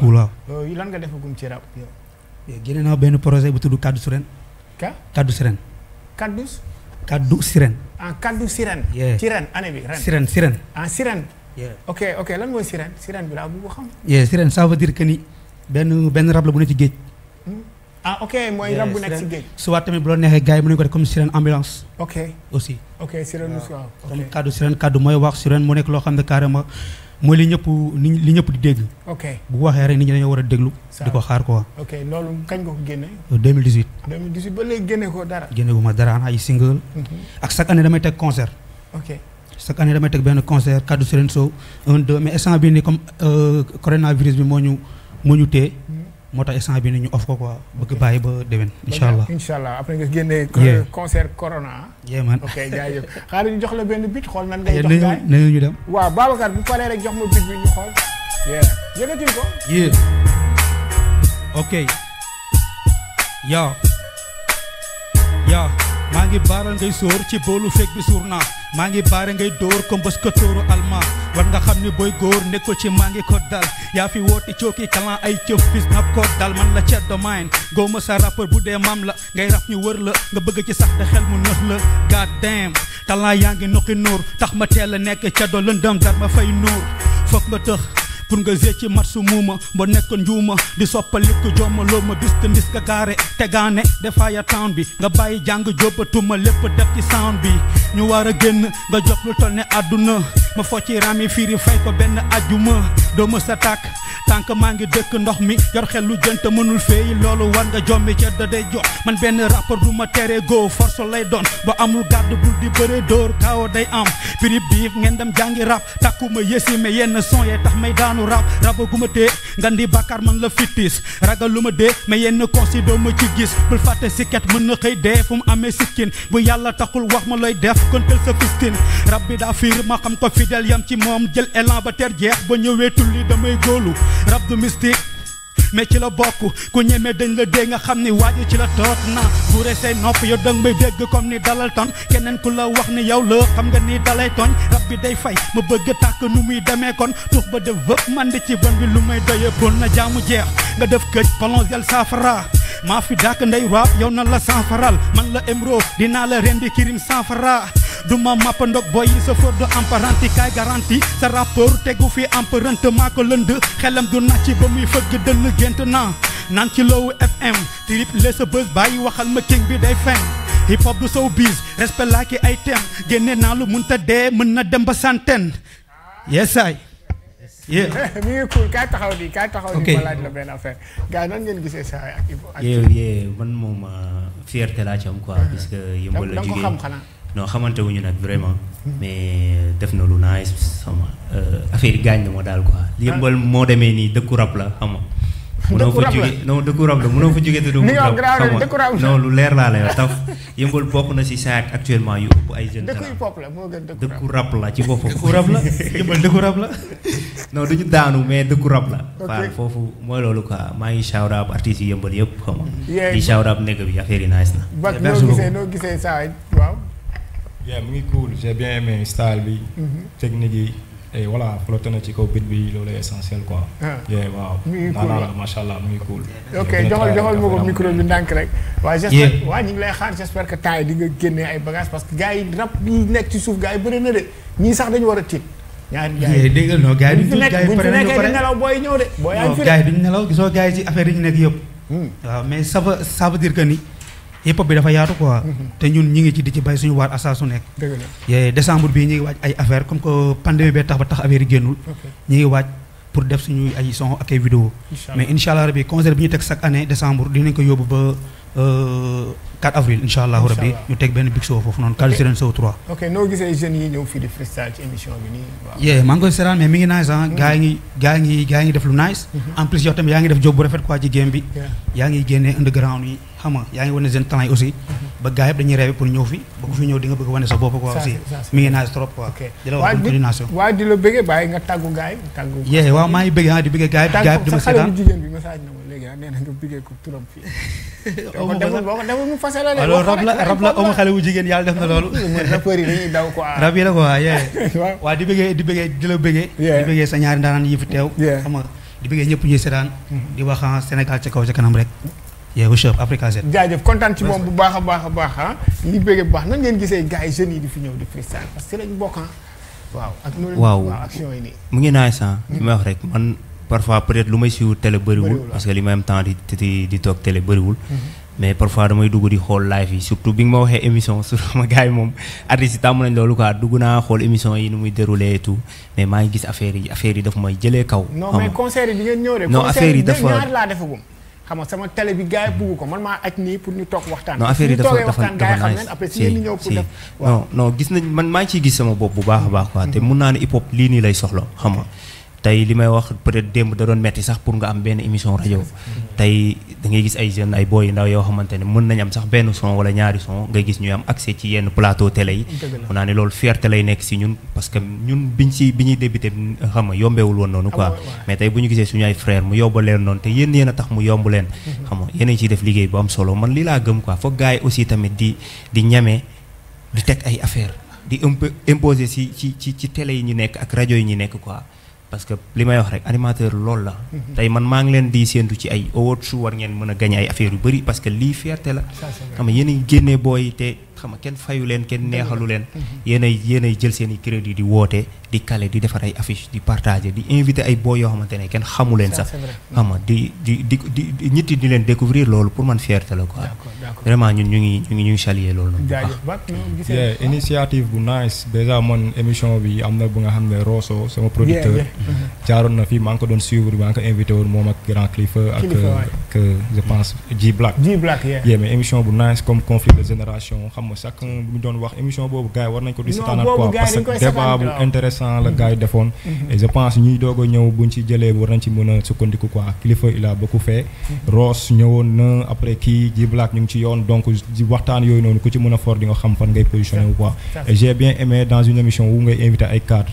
lan nga defagum ci rab yow. naa benn projet bu tudd Kaddu Sirène. ka Kaddu Sirène. Kaddu. Kaddu Sirène. ah Kaddu Sirène. ci ren année bi ren Sirène Sirène. ah Sirène. ok lan mooy Sirène Sirène bi laa bëgg ko xam. Sirène ça veut dire que ni benn benn rab la bu ne ci géej. ah ok mooy rab bu nekk si géej. soit tamit bu la neexee gars yi mën nañu ko def comme sirène ambulance. ok aussi. ok sirène nu kaddu mooy wax sirène mu nekk loo xam ne carrément mooy li ñëpp li ñëpp di dégg. ok bu waxee rek nit ñi dañoo war a déglu. di ko xaar ko ok loolu kañ nga ko génne. 2018. Euh, 2018 ba léegi génne ko dara. génne gu ma dara ay single. Mhm. ak chaque année damay teg concert. ok chaque année damay teg benn concert kaddu sirène sow un deux mais instant bii nii comme euh, coronavirus bi moo ñu moo ñu té moo tax instant bi ni ñu off ko quoi bëgg bàyyi ba déwén incha allah incha allah après nga génnee concert corona yé man ok jaajëf xaaral ñu jox la benn bit xool nan ngay jox gaay nañu ñu dem waaw Babacar bu paree rek jox ma bit bi ñu xool yé yëkkatil ko yé ok yow yow maa ngi baaral ngay sóor ci boolu fekk bi suur naa maa ngi baare ngay dóor comme bës ko tóoru almaa war nga xam ni booy góor nekko ci maa ngi ko dal yaa fi wooti cooki kalan ay cëf fis nap ko dal man la cet domaine gooma sa bu dee maam la ngay rap ñu wër la nga bëgg ci sax te xel mu nëx la god damn yaa ngi noqi nuur tax ma teel a nekk ca do lëndëm dar ma fay nuur foog nga tëx pour nga zee ci match muuma ba nekk njuuma di soppaliku jomma loo ma bis te mbis nga gaare tegaane defaaya town bi nga bàyyi jàng jóbbatuma lépp def ci sound bi ñu war a génn nga jox lu toll ne àdduna ma fo ci rami fiiri fay ko benn ajjuma dooma sa tàkk tànk maa ngi dëkk ndox mi yor xel lu jënt mënul feeyi loolu war nga jommi ca da day jox man benn rapport du ma tere go force lay doon ba amul gàdd bul di bëre dóor kaawo day am prib biif ngeen dem jàngi rap takkuma yësi cosaanu rab rabaguma tee ngan di bàkkaar man la fittis ragal lu ma yenn koox si doo ma ci gis bul fàtte sikket mën na xëy dee amee sikkin bu yàlla taxul wax ma looy def kontel sa fistin rab bi daa fiir ma xam ko fidèle yam ci moom jël élan ba ter jeex ba ñëwee tulli damay góolu rab du mystique mais ci la bokk ku ñeme dañ la dee nga xam ni waaju ci la toog naa bu resee nopp yow dang may dégg kon ni dalal ton keneen ku la wax ni yow la xam nga nii dalay tooñ rab day fay ma bëgg tàkk nu muy demee kon tux ba de vëpp man di ci bon bi lu may doyee bon na jaamu jeex nga def këj polonge yal saafara maa fi dàkk ndey raab yow na la sanfaral man la émro naa la rendi kirim sanfara du ma mapp ndog boy yi chauffeur de apprenti kaay garanti sa rappeur tegu fi emprunte maa ko lënd xelam du nàcc ba muy fëgg dënn gént naa naan ci loowu FM triplé sa bës bàyyi waxal ma king bi day fen hip hop du sow bis respect laa ki ay tem génne naa lu munta dee mën na dem ba centaine yesaay yé mi ngi cool kaay taxaw di kaay taxaw laaj la benn affaire ah, laa ci quoi. Ah. parce que yëmbal la jugee da non xamante ñu nag vraiment. mais def na lu nice sama euh, affaire yi gaañ na ma daal quoi. Ah. yëmbal moo demee nii dëkku rab la xam nga mënoo fa jóge non rab la mënoo fa jóge te doo rab lu leer laa lay wax taf yëmbal bokk na si saak actuellement yu ëpp ay jeunes dëkku rab la ci boppam dëkku rab la yëmbal dëkku rab la non du ñu daanu mais dëkku rab la waaw foofu mooy loolu quoi maa ngi shout out artistes yi yëmbal yëpp xam nga di shout out bi affaire nice na noo gisee noo waaw bien mu ngi cool j'ai bien aimé style bi. Mhm. technique yi et voilà na ci kaw bi loolu essentiel quoi. Ah. waaw mu ngi cool macha allah mu ngi cool. ok joxal joxal ma ko micro bi ndànk rek. waaye j'espère waaye ñu ngi lay xaar j'espère que temps yi di nga génne ay bagages parce que gars yi rab yi nekk ci suuf gars bëri na de ñii sax dañu war a tiit. ñaari gars yi dégg nga non gars yi duñ gars yi pare nañu di nelaw booy ñëw de. booy yaa ngi fi de non nelaw gisoo gars ci affaire yi hmm. ni. hip hop bi dafa yaatu quoi. Mm-hmm. te ñun ñi ngi ci di ci bay suñu waar asa su nekk. dëgg décembre bii ngi waaj ay affaire comme que pandémie bee tax ba tax affaire génnul. ñi ngi waaj pour def suñuy ay son ak ay vidéo mais incha allah rabi concert bi ñu teg chaque année décembre dinañ ko yóbbu ba. 4 euh, avril incha allahu rabbi ñu teg benn big show foofu noonu Kali Sirène Sow 3. noo gisee jeunes yi ñëw fii di mais mi ngi nice ah. Mm-hmm. gaa ngi gaa ngi gaa ngi def lu nice. Mm-hmm. yaa ngi def job bu rafet quoi ci xam nga yaa ngi wane jeune talent yi aussi ba gars yëpp dañuy ba ku fi ñëw di nga bëgg wane sa bopp quoi aussi mi ngi naaj trop quoi di la di la bëggee bàyyi nga tàggu gars yi tàggu yee waaw maa ngi bëggee ah di la bëggee sa ñaari ndaanaan yi fi teew xam di bëggee ñëpp ñuy seetaan mm-hmm. di wax ah, Sénégal ca kaw ca kanam rek yeewu chef Africa Z. jaajëf kontaan ci moom bu baax a baax a baax ah. bu fi ah. waaw mu ngi naaj ah. sànq. li may wax rek man parfois peut-être lu may suivre télé bëriwul. parce que li may am temps di di di toog télé bëriwul. Mhm. mais parfois damay dugg di xool live yi surtout bi nga ma waxee émission surtout ma gars yi moom artistes yi tàmm nañ loolu quoi dugg naa xool émission yi nu muy déroulé et tout mais maa ngi gis affaire yi affaire yi daf may jëlee kaw. non mais concert yi di ngeen ñëw dafa ñaar laa defagum. xam nga sama télé bi gars yi bugg ko man maa aj nii pour ñu toog waxtaan. non affaire yi dafa dafa dafa nice après si ñi ñëw pour def. non non gis nañ man maa ngi ciy gis sama bopp bu baax a baax quoi mm-hmm. te mun naa ne hip hop lii nii lay soxla xam nga tey li may wax peut-être démb da doon metti sax pour nga am benn émission rajo tey da gis ay jeunes ay booy yu ndaw yoo xamante ne mën nañ am sax benn son wala ñaari son ngay gis ñuy am accès ci yenn plateau télé yi mu naa ne loolu fierté lay nekk si ñun parce que ñun biñ si bi ñuy débuté xam nga yombeewul woon noonu quoi ah, mais tey bu ñu gisee suñu ay frère mu yomb leen noonu te yéen yéen a tax mu yomb leen xam nga yéen a ngi ciy def liggéey bu am solo man li laa gëm quoi foog gars yi di di ñeme si ci ci ci télé yi ñu nekk ak rajo yi ñu nekk quoi parce que li may wax rek animateur loolu la. Mhm. tey man maa ngi leen di séentu ci ay awards war ngeen mën a gañ ay affaires yu bëri parce que lii fierté la. xam nga yéen booy te. xam nga kenn fayu leen kenn neexalu leen. Mhm. yéenay yéenay jël seen i crédit di woote di kale di defar ay affiche di partager di invité ay boo yoo xamante ne kenn xamu leen sax. xam nga di di di di ñitti di leen découvrir loolu pour man fierté la quoi. vraiment ñun ñu ngi ñu ngi ñu ngi loolu noonu. jaajëf ah. bu nice déjà man émission bi am na bu nga xam ne Rosso sama producteur. Mhm. jaaroon na fi maa ngi ko doon suivre maa ngi ko invité woon moom ak grand Khalifa ak euh, que je G Black. G émission bu nice comme conflit génération xam xam nga chaque bu ñu doon wax émission boobu gars yi war nañ ko di seetaanaat quoi parce que débat bu intéressant la mm-hmm. gars defoon mm-hmm. et je pense ñuy doog a ñëw buñ ci jëlee war nañ ci mën a sukkandiku quoi kilifa il a beaucoup fait mm-hmm. Ross ñëwoon na après kii ji black ñu ngi ci yoon donc waxtaan yooyu noonu ku ci mën a fort di nga xam fan ngay positionné wu quoi et dans une émission wu ngay invité ay cadres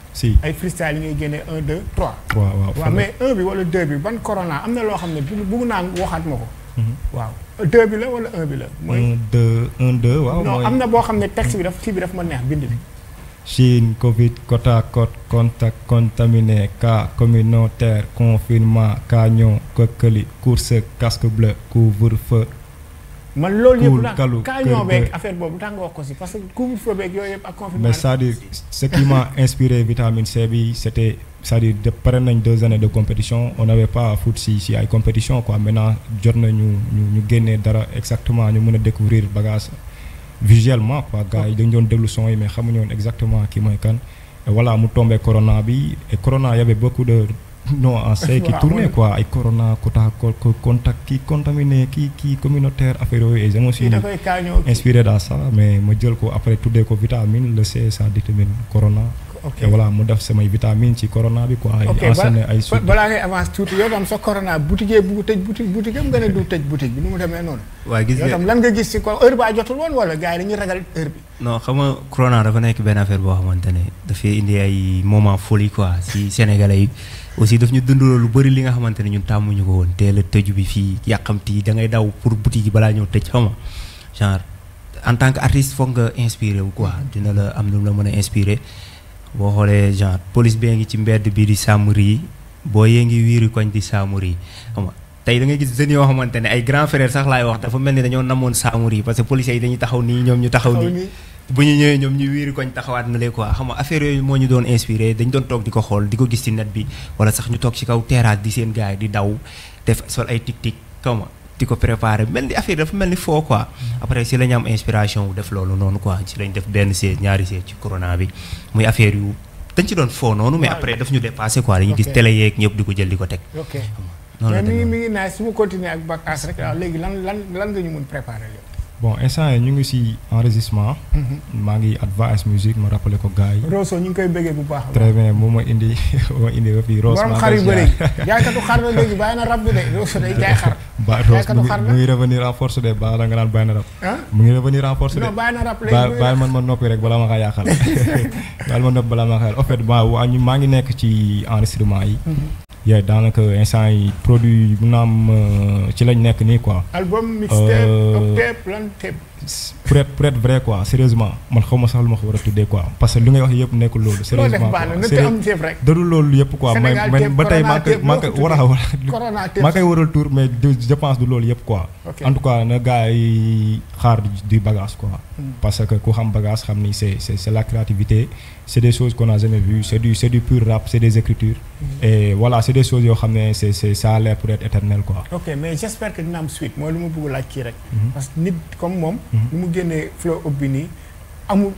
si ay freestyle yi ngay génnee un deux trois. waaw waaw waaw mais un bi wala deux bi ban corona am na loo xam ne bëgg naa waxaat ma ko. Mhm. waaw deux bi la wala un bi la. mooy un deux un deux waaw. non am na boo xam ne texte bi daf kii bi dafa ma neex bind bi. Chine Covid côte à côte contact contaminé cas communautaire confinement cagnon coqueli course casque bleu couvre feu. man loolu yëpp la kaa ñoo beeg affaire boobu tax nga wax ko si parce que couvre-feu beeg yooyu mais c'est-à-dire ce m'a inspiré vitamine C bi c'était c'est-à-dire de nañ deux années de compétition on n'avait pas à foutre si si ay compétition quoi maintenant jot na ñu ñu génnee dara exactement ñu mën a découvrir bagage visuellement quoi gars yi dañ doon déglu son yi mais xamuñu exactement kii mooy kan voilà mu tombé corona bi et corona y avait beaucoup de non en sec qui tournait quoi ay corona kota contact kii contaminé kii kii communautaire affaire yooyu et je me suis inspiré dans ça mais ma jël ko après tuddee ko vitamine le C ça détermine corona. ok voilà mu def samay vitamine ci corona bi quoi. ok ay suuf balaa ngay avance tuuti yow tam sa corona boutique bu tëj boutique boutique am nga du tëj boutique bi nu mu demee noonu. waaw gis nga lan nga gis ci ko heure baa jotul woon wala gars yi dañuy ragal heure bi. non xam nga corona dafa nekk benn affaire boo xamante ne dafay indi ay moment folie quoi si sénégalais aussi daf ñu dundaloo lu bëri li nga xamante ne ñun tàmmuñu ko woon teel a tëju bi fii yàqamti da ngay daw pour boutique yi balaa ñëw tëj xama nga genre en tant que artiste foog nga inspiré wu quoi dina la am lu la mën a inspiré boo xoolee genre police bee ngi ci mbedd bi di sàmmari yi boo yee ngi wiiri koñ di sàmmari yi tey dangay gis jeunes yoo xamante ne ay grand frère sax laay wax dafa mel ni dañoo namoon saamour yi parce que policiers yi dañuy taxaw nii ñoom ñu taxaw nii bu ñu ñëwee ñoom ñu wiiri koñ taxawaat na lee quoi xam nga affaire yooyu moo ñu doon inspiré dañ doon toog di ko xool di ko gis ci net bi wala sax ñu toog ci kaw terrasse di seen gars yi di daw def sol ay tik-tik xaw di ko préparé mel ni affaire dafa mel ni foo ko après si la ñu am inspiration wu def loolu noonu quoi si lañ def benn siège ñaari siège ci corona bi muy affaire yu dañ ci doon foo noonu mais ah, après daf ñu dépassé quoi dañuy gis télé yeeg di ko jël di ko teg mais ngi mi ngi naaj su ma continuer ak Bac As léegi lan lan lan nga ñu mun préparer léegi. bon instant yi ñu ngi si enregistrement. Mhm. maa ngi advance musique ma rappelé ko gars yi. Rosso ñu ngi koy bëggee bu baax. très bien moom ma indi ma indi ba fii. Rosso maa ngi xar yu bëri jaaykatu xar la léegi bàyyi na rab bi de Rosso day jaay xar. jaaykatu xar la mu ngi revenir en force de baax la nga naan bàyyi na rab. mu ngi revenir en force de. non bàyyi na rab léegi bàyyi man ma noppi rek balaa ma kaa yàqal bàyyi ma noppi balaa ma kaa yàqal en fait waa ñu maa ngi nekk ci enregistrement yi. Mhm. yee daanaka instant yi produit yi naam euh, ci lañ nekk nii quoi. album euh, te pour être pour être vrai quoi sérieusement man xaw ma sax lu ma ko war a tuddee quoi parce que li ngay wax yëpp nekkul loolu. sérieusement quoi dadul loolu yëpp quoi. may ba tey maa koy war a war a maa koy waral tour mais je pense du loolu yëpp quoi. en na gars xaar du bagage quoi. Hmm. parce que ku xam bagage xam ni c'est c'est c'est la créativité c'est des choses qu'on a jamais vu c'est du pur rap c'est des écritures. Hmm. et c'est des choses yoo xam ne c'est c'est ça éternel quoi. ok mais j'espère ni mu génnee flow up bi nii amul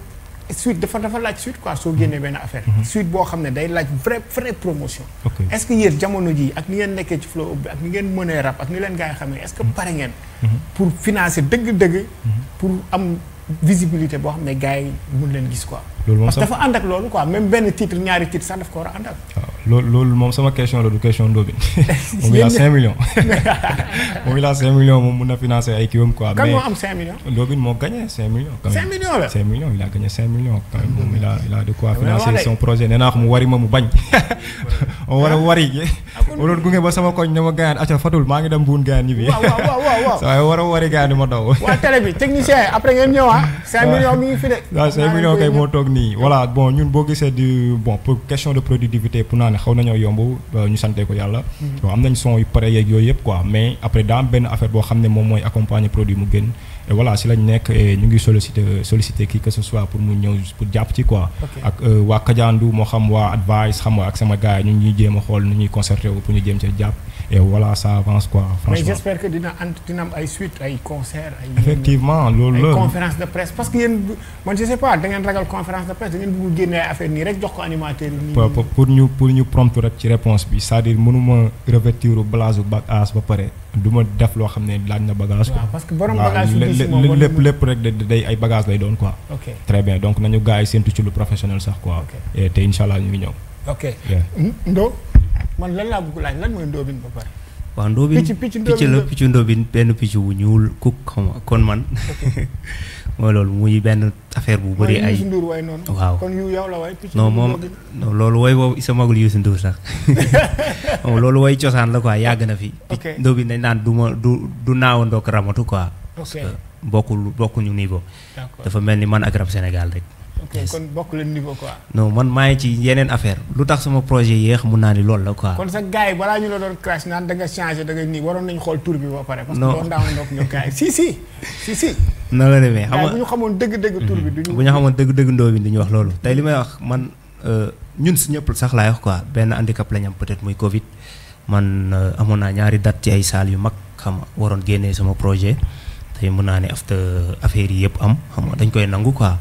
suite dafa dafa laaj suite quoi soo génnee benn affaire. Mhm. suite boo xam ne day laaj vrai vrai promotion. est-ce que yéen jamono jii ak ni ngeen nekkee ci flow up bi ak ni ngeen mënee rap ak ni leen gaa yi ne est-ce que pare ngeen. Mhm. pour financer dëgg-dëgg. Mhm. pour am visibilité boo xam ne gars yi mun leen gis quoi. loolu moom parce que dafa ànd ak loolu quoi même benn titre ñaari titre sax daf ko war a àndal. loolu loolu moom sama question la du question Ndobine. moom il a 5 millions. moom il a 5 millions moom mun na financer ay kiwam quoi. mais kan moo am 5 millions. Ndobine moo gagné 5 millions. 5 millions la 5 millions il a gagné 5 millions. quand même moom il de quoi ah, financer son projet nee naa mu wari ma mu bañ. ma war a wari ji ma doon gunge ba sama koñ ne ma gaañ fatul maa ngi dem buun gaañ ñibbi waaw waaw war a ma daw bi technicien yi après ngeen ñëw ah cinq millions mi fi de waaw cinq kay moo toog nii voilà bon ñun boo gisee du bon pour question de productivité pour naa ne xaw nañoo yomb ñu santee ko yàlla mm-hmm. waaw am nañ son yu pare yeeg yooyu yëpp quoi mais après daa benn affaire boo xam ne moom mooy accompagner produit mu génn et voilà si lañ nekk ñu ngi sollicité sollicité qui que ce soit pour mu ñëw pour jàpp ci quoi. ak euh, waa Kajaandu moo xam waa advice xam nga ak sama gars ñu ngi jéem a xool nu ñuy concerté wu pour ñu jéem cee jàpp. et voilà ça avance quoi. franchement mais j'espère que dina ant dina am ay effectivement loolu la ay conférence de presse parce que yéen man je sais pas ngeen ragal conférence de presse da ngeen bëgg génne affaire nii rek jox ko animateur yi. pour pour ñu pour ñu prompt rek ci réponse bi cest dire mënuma revêtir bagage ba pare du ma def loo xam ne laaj na bagage. waaw parce que borom bagage yu lépp lépp rek day ay bagage lay doon quoi. très bien donc nañu gars yi séntu ci lu professionnel sax quoi. et te incha ñu ngi man lan laa bëgg laaj lan mooy ndóobin ba pare. waaw ndóobin picc picc la picc ndóobin benn picc bu ñuul kuk xam kon man mooy loolu muy benn affaire bu bëri ay Youssou Ndour noonu moom loolu woy boobu isa magul Youssou Ndour sax moom loolu woy cosaan la quoi yàgg na fi picc ndóobin dañ naan du ma du du naawa ndoog ramatu quoi parce que bokkul bokkuñu dafa mel ni man ak rab Sénégal rek ok kon bokk leen niveau quoi. non man maa ngi ci yeneen affaire lu tax sama projet yeex mun naa ni loolu la quoi. kon sa gars yi balaa ñu la doon crash naan da nga changé da nga nii waroon nañu xool tur bi ba pare. parce que loolu daaw ndox ñu gars yi si na la demee xam xamoon dëgg-dëgg bu ñu xamoon dëgg-dëgg ndoo bi mm-hmm. du ñu wax loolu tey li may wax man euh, ñun su ñëpp sax laay wax quoi benn handicap la ñu am peut-être muy Covid man euh, amoon naa ñaari date ci ay salle yu mag xam waroon génnee sama projet tey naa ne after affaire yëpp am xam nga dañ koy nangu quoi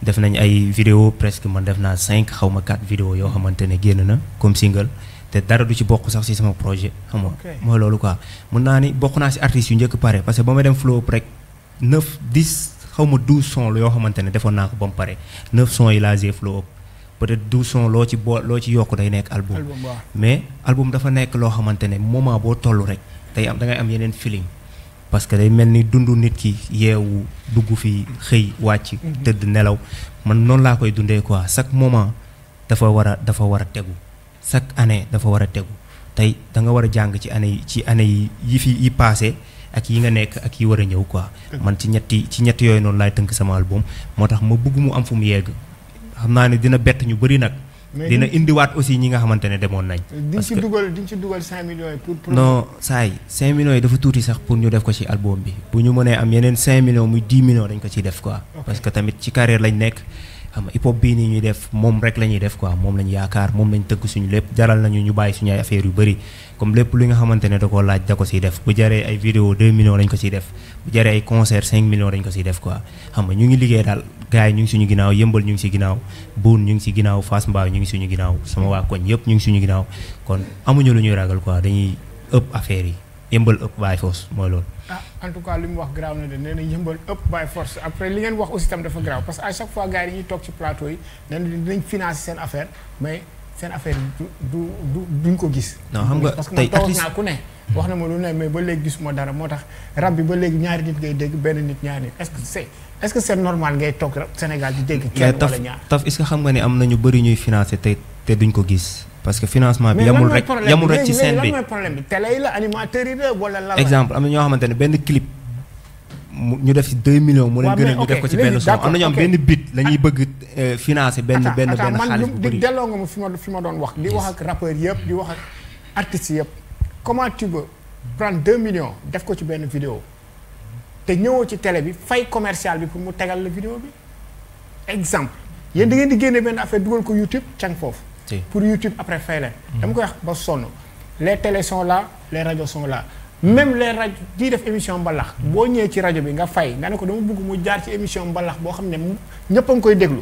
def nañ ay vidéo presque man def naa cinq xaw ma quatre vidéo yoo xamante ne génn na comme single te dara du ci bokk sax si sama projet xam nga mooy loolu quoi mun naa ni bokk naa si artistes yu njëkk pare parce que ba ma dem flow rek neuf dix xaw ma douze son yoo xamante ne defoon naa ko ba mu pare neuf son yi laa gée flow peut-être douze son loo ci boo loo ci yokk day nekk album mais album dafa nekk loo xamante ne moment boo tollu rek tey am dangay am yeneen feeling parce que day mel ni dund nit ki yeewu dugg fi xëy wàcc. Mhm. tëdd nelaw man noonu laa koy dundee quoi chaque moment dafa war a dafa war a tegu chaque année dafa war a tegu tey da nga war a jàng ci année yi ci année yi fi yi passé ak yi nga nekk ak yi war a ñëw quoi. Mhm. man ci ñetti ci ñetti yooyu noonu laay tënk sama album moo tax ma bugg mu am fu mu yegg xam naa ne dina bett ñu bëri nag. dina indiwaat aussi ñi nga xamante ne demoon nañ. parce que di ci dugal yi dafa tuuti sax pour ñu def ko ci album bi bu ñu mënee am yeneen 5 millions muy 10 dañ ko ciy def quoi. parce que tamit ci carrière lañ nekk. xam nga hip hop bii nii ñuy def moom rek la ñuy def quoi moom lañ yaakaar moom lañ tëgg suñu lépp jaral nañu ñu bàyyi suñu ay affaires yu bëri comme lépp li nga xamante ne da laaj da ko siy def bu jaree ay vidéo 2 millions lañ ko siy def bu jaree ay concert 5 millions lañ ko siy def quoi xam nga ñu ngi liggéey daal gars ñu ngi suñu ginnaaw yëmbal ñu ngi si ginnaaw buun ñu ngi si ginnaaw Fass Mbao ñu ngi suñu ginnaaw sama waa koñ yëpp ñu ngi suñu ginnaaw kon amuñu lu ñuy ragal quoi dañuy ëpp affaire yi yëmbal ëpp bàyyi force mooy loolu. ah en tout cas li mu wax grave na de nee na yëmbal seen affaire du du du duñ ko gis. non xam nga tey parce que man ku ne. wax na ma lu ne mais ba léegi gisuma dara moo tax rab bi ba léegi ñaari nit ngay dégg benn nit ñaari nit est-ce que est normal ngay toog Sénégal di dégg. kenn wala ñaar taf est-ce xam nga ni am na ñu bëri ñuy financé tey te duñ ko gis. parce que financement bi yamul rek yamul rek ci scène bi mais lan la animateur yi la wala lan exemple am na ñoo xamante ne benn clip. ñu def ci 2 millions. mu leen gën a ñu def ko ci benn son am na ñoom benn bit la bëgg euh, financer benn benn benn xaalis bu bëri delloo nga ma ma fi ma doon wax. di wax ak rappeurs yëpp di wax ak artistes yëpp. comment tu veux prendre millions def ko ci benn vidéo te ñëwoo ci tele bi fay commercial bi pour mu tegal la vidéo bi exemple yéen da ngeen di génne benn affaire dugal ko YouTube càng foofu. pour YouTube après fay leen. Mm. dama koy wax ba sonn les télés sont là les radios son la même lee rajo di def émission mbalax boo ñëwee ci rajo bi nga fay nga ne ko dama bëgg mu jaar ci émission mbalax boo xam ne ñëpp a koy déglu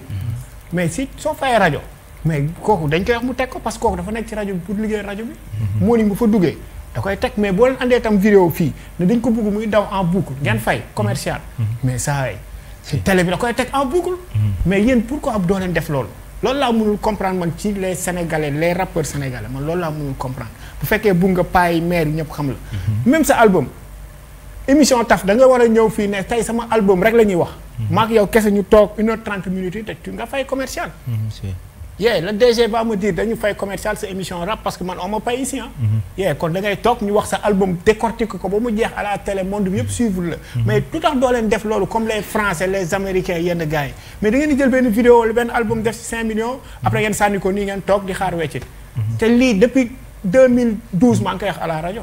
mais si soo fayee rajo mais kooku dañ koy wax mu teg ko parce que kooku dafa nekk ci rajo bi pour liggéey rajo bi mhm. moo ni bu fa duggee da koy teg mais boo leen andee tam vidéo fii ne dañ ko bugg muy daw en boucle ngeen fay mhm. commercial mhm. mais saa si télé bi da koy teg en boucle mais yéen pourquoi ab doo leen def loolu loolu laa mënul comprendre man ci les sénégalais les rappeurs sénégalais man loolu laa mënul comprendre bu fekkee bu nga paay maire yi ñëpp xam la mhm. même sa album émission taf da nga war a ñëw fii ne tey sama album rek la ñuy wax mhm. maak yow kese ñu toog une heure trente minutes yi te tu nga fay commercial mhm, yee le DG va me dire dañu fay commercial sa émission rap parce que man on ma pay ici ah yee kon da toog ñu wax sa album décortique ko ba mu jeex à la télé monde bi yëpp suivre la mais lu tax doo leen def loolu comme les français les américains yenn gars yi mais da ngeen benn vidéo benn album def ci cinq millions après ko nii ngeen toog di xaar wecci 2012 maa ngi koy wax à la rajo.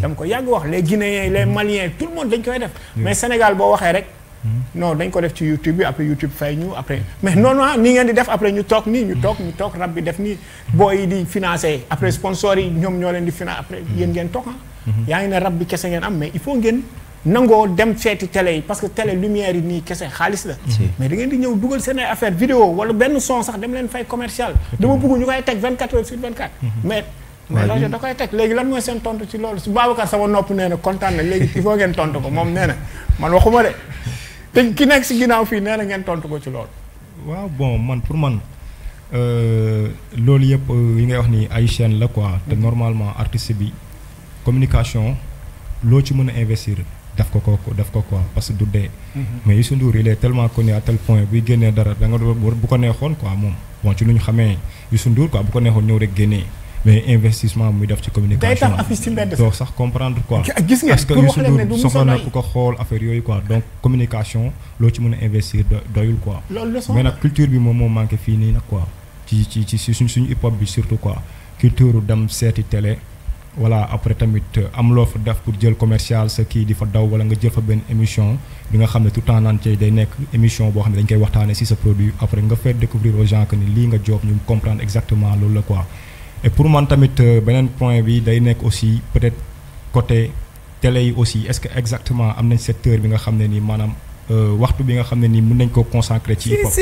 dama ko yàgg wax les Guinéens les Maliens tout le monde dañ koy def. mais Sénégal boo waxee rek. Hmm. no dañ ko def ci YouTube bi après YouTube fay ñu après mais ni ngeen di def après ñu toog nii ñu toog ñu bi def nii boo yi di financé après yi ñoom ñoo leen di financé après yéen ngeen toog ah. hmm. yaa ngi ne rab bi kese ngeen am mais il faut ngeen. nangoo dem seeti télé yi parce que télé lumière yi nii kese xaalis la. mais da ngeen di ñëw dugal seen affaire vidéo wala benn son sax dem leen fay commercial. dama bëgg ñu koy teg 24 heures sur 24. Hmm. mais mais rajo da koy teg léegi lan mooy seen tontu ci loolu su Babacar sama nopp nee kontaan na léegi il faut ngeen tontu ko moom nee na man waxuma de te ki nekk si ginnaaw fii nee na ngeen tontu ko ci loolu. waaw bon man pour man euh, loolu yëpp euh, yi ngay wax nii ay chaîne la quoi te mm-hmm. normalement artiste bi communication loo ci mën a investir. daf ko ko daf ko quoi parce que du dee. Mm-hmm. mais Youssou Ndour il est tellement connu à tel point buy génnee dara da nga bu ko neexoon quoi moom bon ci lu ñu xamee Youssou Ndour quoi bu ko neexoon ñëw rek génnee. mais investissement muy def ci communication doo sax comprendre quoi parce que Youssou Ndour soxla na ku ko xool affaire yooyu quoi donc communication loo ci mën a investir doyul quoi mais nag culture bi moom moo manqué fii nii nag quoi ci ci suñ suñu hip hop bi surtout dem seeti télé voilà après tamit euh, am loo fa def pour jël commercial sa kii di fa daw wala nga jël benn émission bi nga xam ne tout temps naan cay day nekk émission boo xam ne dañ koy si sa produit après nga faire découvrir aux gens lii nga job ñu comprendre exactement loolu la quoi et pour man tamit euh, beneen point bi day nekk aussi peut-être côté télé yi aussi est-ce que exactement am nañ secteur bi nga xam ne nii maanaam euh, waxtu bi nga xam ne nii mun nañ ko consacrer ci hip hop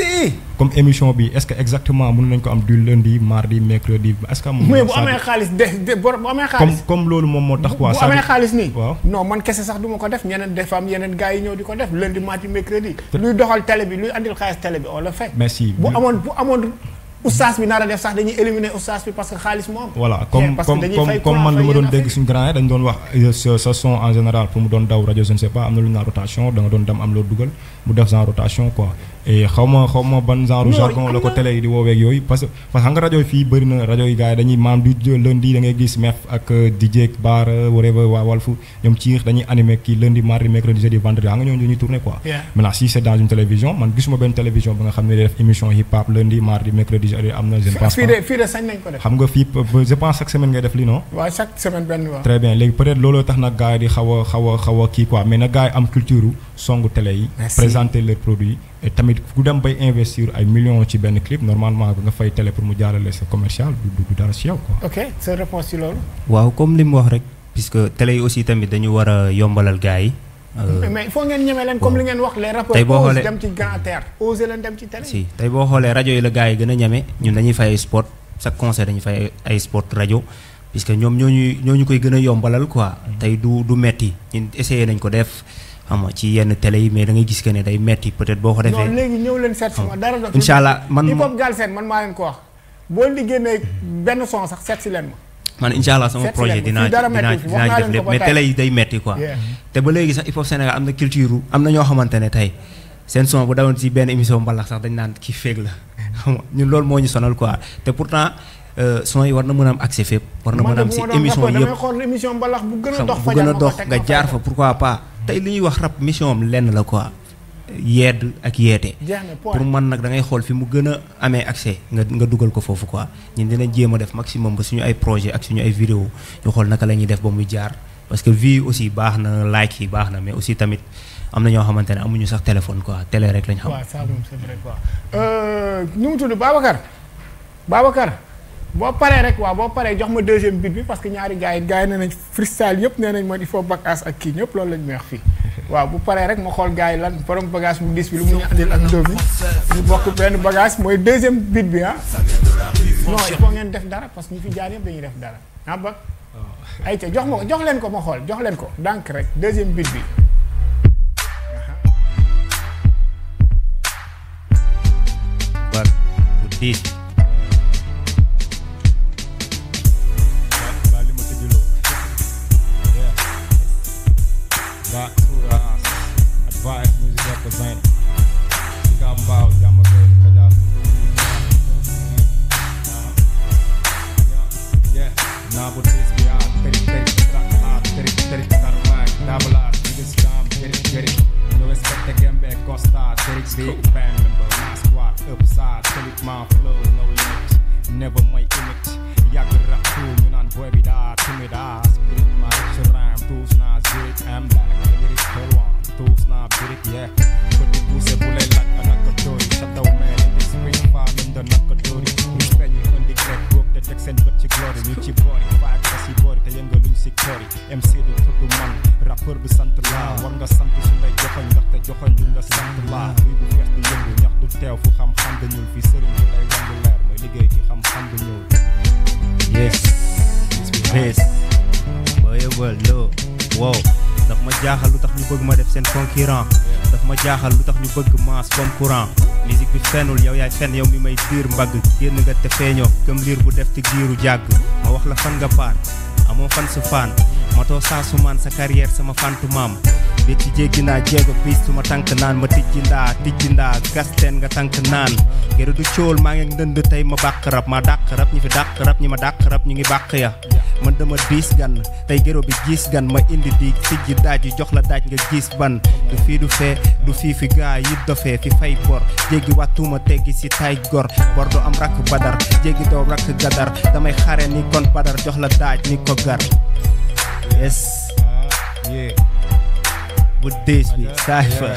comme émission bi est-ce que exactement mën nañ ko am du lundi mardi mercredi est-ce que. bu amee xaalis de bu amee xaalis. comme comme loolu moom moo tax quoi. bu xaalis nii waaw. sax ma ko def ñeneen des femmes yeneen gars yi ñëw di ko def lundi mardi mercredi. luy doxal télé bi luy andil xaalis télé bi on le fait. merci bu amoon bu amoon. oustaz bi nar a def sax dañuy éliminer oustaz bi parce que xaalis moo am. voilà eh, comme comme comme man lu ma doon dégg suñu grand yi dañ doon wax eh, sa son en général pour mu doon daw rajo je ne pas am na lu ñu naan rotation da doon dem am loo dugal mu def sans rotation quoi. Eh, xaw ma xaw ma ban genre jargon la ko télé yi di wooweeg yooyu parce que parce que xam nga rajo fii bëri na rajo yi gars yi dañuy maam du lundi da ngay gis MEF ak euh, DJ Bar whatever waa Walf ñoom ciix dañuy animé kii lundi mardi mercredi jeudi vendredi xam nga ñooñu dañuy tourné quoi maintenant si c'est dans une télévision man gisuma benn télévision ba nga xam ne def émission hip hop lundi mardi mercredi jeudi am na je ne pense pas fii de sañ nañ ko a xaw a xaw a tamit ku dem bay investir ay millions ci benn clip normalement nga fay télé pour mu jaarale sa commercial du du dara ci loolu. waaw comme li mu wax rek. puisque télé yi aussi tamit dañu war yombalal gars yi. Euh, mais il faut ngeen ñeme leen comme li ngeen wax les rappeurs. tey boo xoolee dem ci grand terre osé leen dem ci télé. si tey boo xoolee rajo yi la gars yi gën a ñeme ñun dañuy fay ay sport chaque concert dañu fay ay sport rajo. puisque ñoom ñoo ñu ñoo ñu koy gën a yombalal quoi. Mm-hmm. tey du du metti ñun essayé nañ ko def. xam nga ci yenn télé yi mais da ngay gis que ne day metti peut-être boo ko defee. léegi ñëw leen seet si oh. dara dootul. incha man hip hop Galsen man maa leen ko wax boo di génnee benn son sax seet si leen ma. man incha sama projet dinaa dinaa def lépp mais télé yi day metti quoi. te ba léegi sax hip hop Sénégal am na culture am na ñoo xamante ne tey seen son bu dawoon si benn émission mbalax sax dañ naan kii féeg la xam nga ñun loolu moo ñu sonal quoi te pourtant. Euh, a a a tey li ñuy wax rab mission am lenn la quoi yeed ak yeete pour man nag da ngay xool fi mu gën a amee accès nga nga dugal ko foofu quoi ñun dinañ jéem a def maximum ba suñu ay projet ak suñu ay vidéo ñu xool naka la ñuy def ba muy jaar parce que vie aussi baax na like yi baax na mais aussi tamit am na ñoo xamante ne amuñu sax téléphone quoi télé rek lañ xam. waaw ça moom c'est euh, nu mu tudd Babacar Babacar. boo paree rek waaw boo paree jox ma deuxième bit bi parce que ñaari gars yi gars yi nee nañ freestyle yëpp nee nañ man il faut bagage ak kii ñëpp loolu lañ may wax fii waaw bu paree rek ma xool gars yi lan borom bagage bu dis bi lu mu ñu andil ak dóob yi ñu bokk benn bagage mooy deuxième bit bi ah non il ngeen def dara parce que ñu fi jaan yëpp dañuy def dara ah oh. ay ca jox ma jox leen ko ma xool jox leen ko donc rek deuxième bit bi waa Toura Advice Music Represent Sicap Mbao Jàmm Gën Kajaar yeah naa bu tiis bi yaa tëri tëri raxlaat tëri tëri karwaay daabalaat nigis daam gëri gëri ñu respecté gembe costa tëri big band member naa squad upside tëlit maa flow no limit never my limit yàgg rax ñu naan boy bi daa timida spirit maa rich rhyme tous naa zéet am back maa birig yee ko di buuse bu lay laaj ana ko dóor yi sa daw nag ko si boori te yëngaluñ si bi sant joxoñ ndaxte joxoñ la sant laa luy bu fees di yëngu ñax du teew fu xam-xam bi ñuul fi sëriñ bi lay wandu leer mooy liggéey ci xam-xam bi ñuul yes it's Chris Boy World Low Wow daf ma jaaxal lu tax ñu bëgg ma def seen concurrent daf ma jaaxal lu tax ñu bëgg masse comme courant musique bi fenul yow yaay fen yow mi may diir mbagg génn nga te feeñoo gëm liir bu def te giiru jàgg ma wax la fan nga paar amoo fan su faan matoo saa su maan sa carrière sama fantu maam bi ci jéggi naa jéego piis su ma tànk naan ma tijji ndaa tijji ndaa gasteen nga tànk naan gëru du cool maa ngi ndënd tey ma bàq rab ma dàq rab ñi fi dàq rab ñi ma dàq rab ñu ngi bàq man dama diis gan tey géro bi gis gan ma indi di tijji daaj yi jox la daaj nga gis ban du fii du fee du fii fi gaa yi dofee fi fay bor jéggi wàttuma teggi si taaj gor bor du am rakk badar jéggi doo rakk gadar damay xare ni kon badar jox la daaj ni ko gar bu diis bi Cypher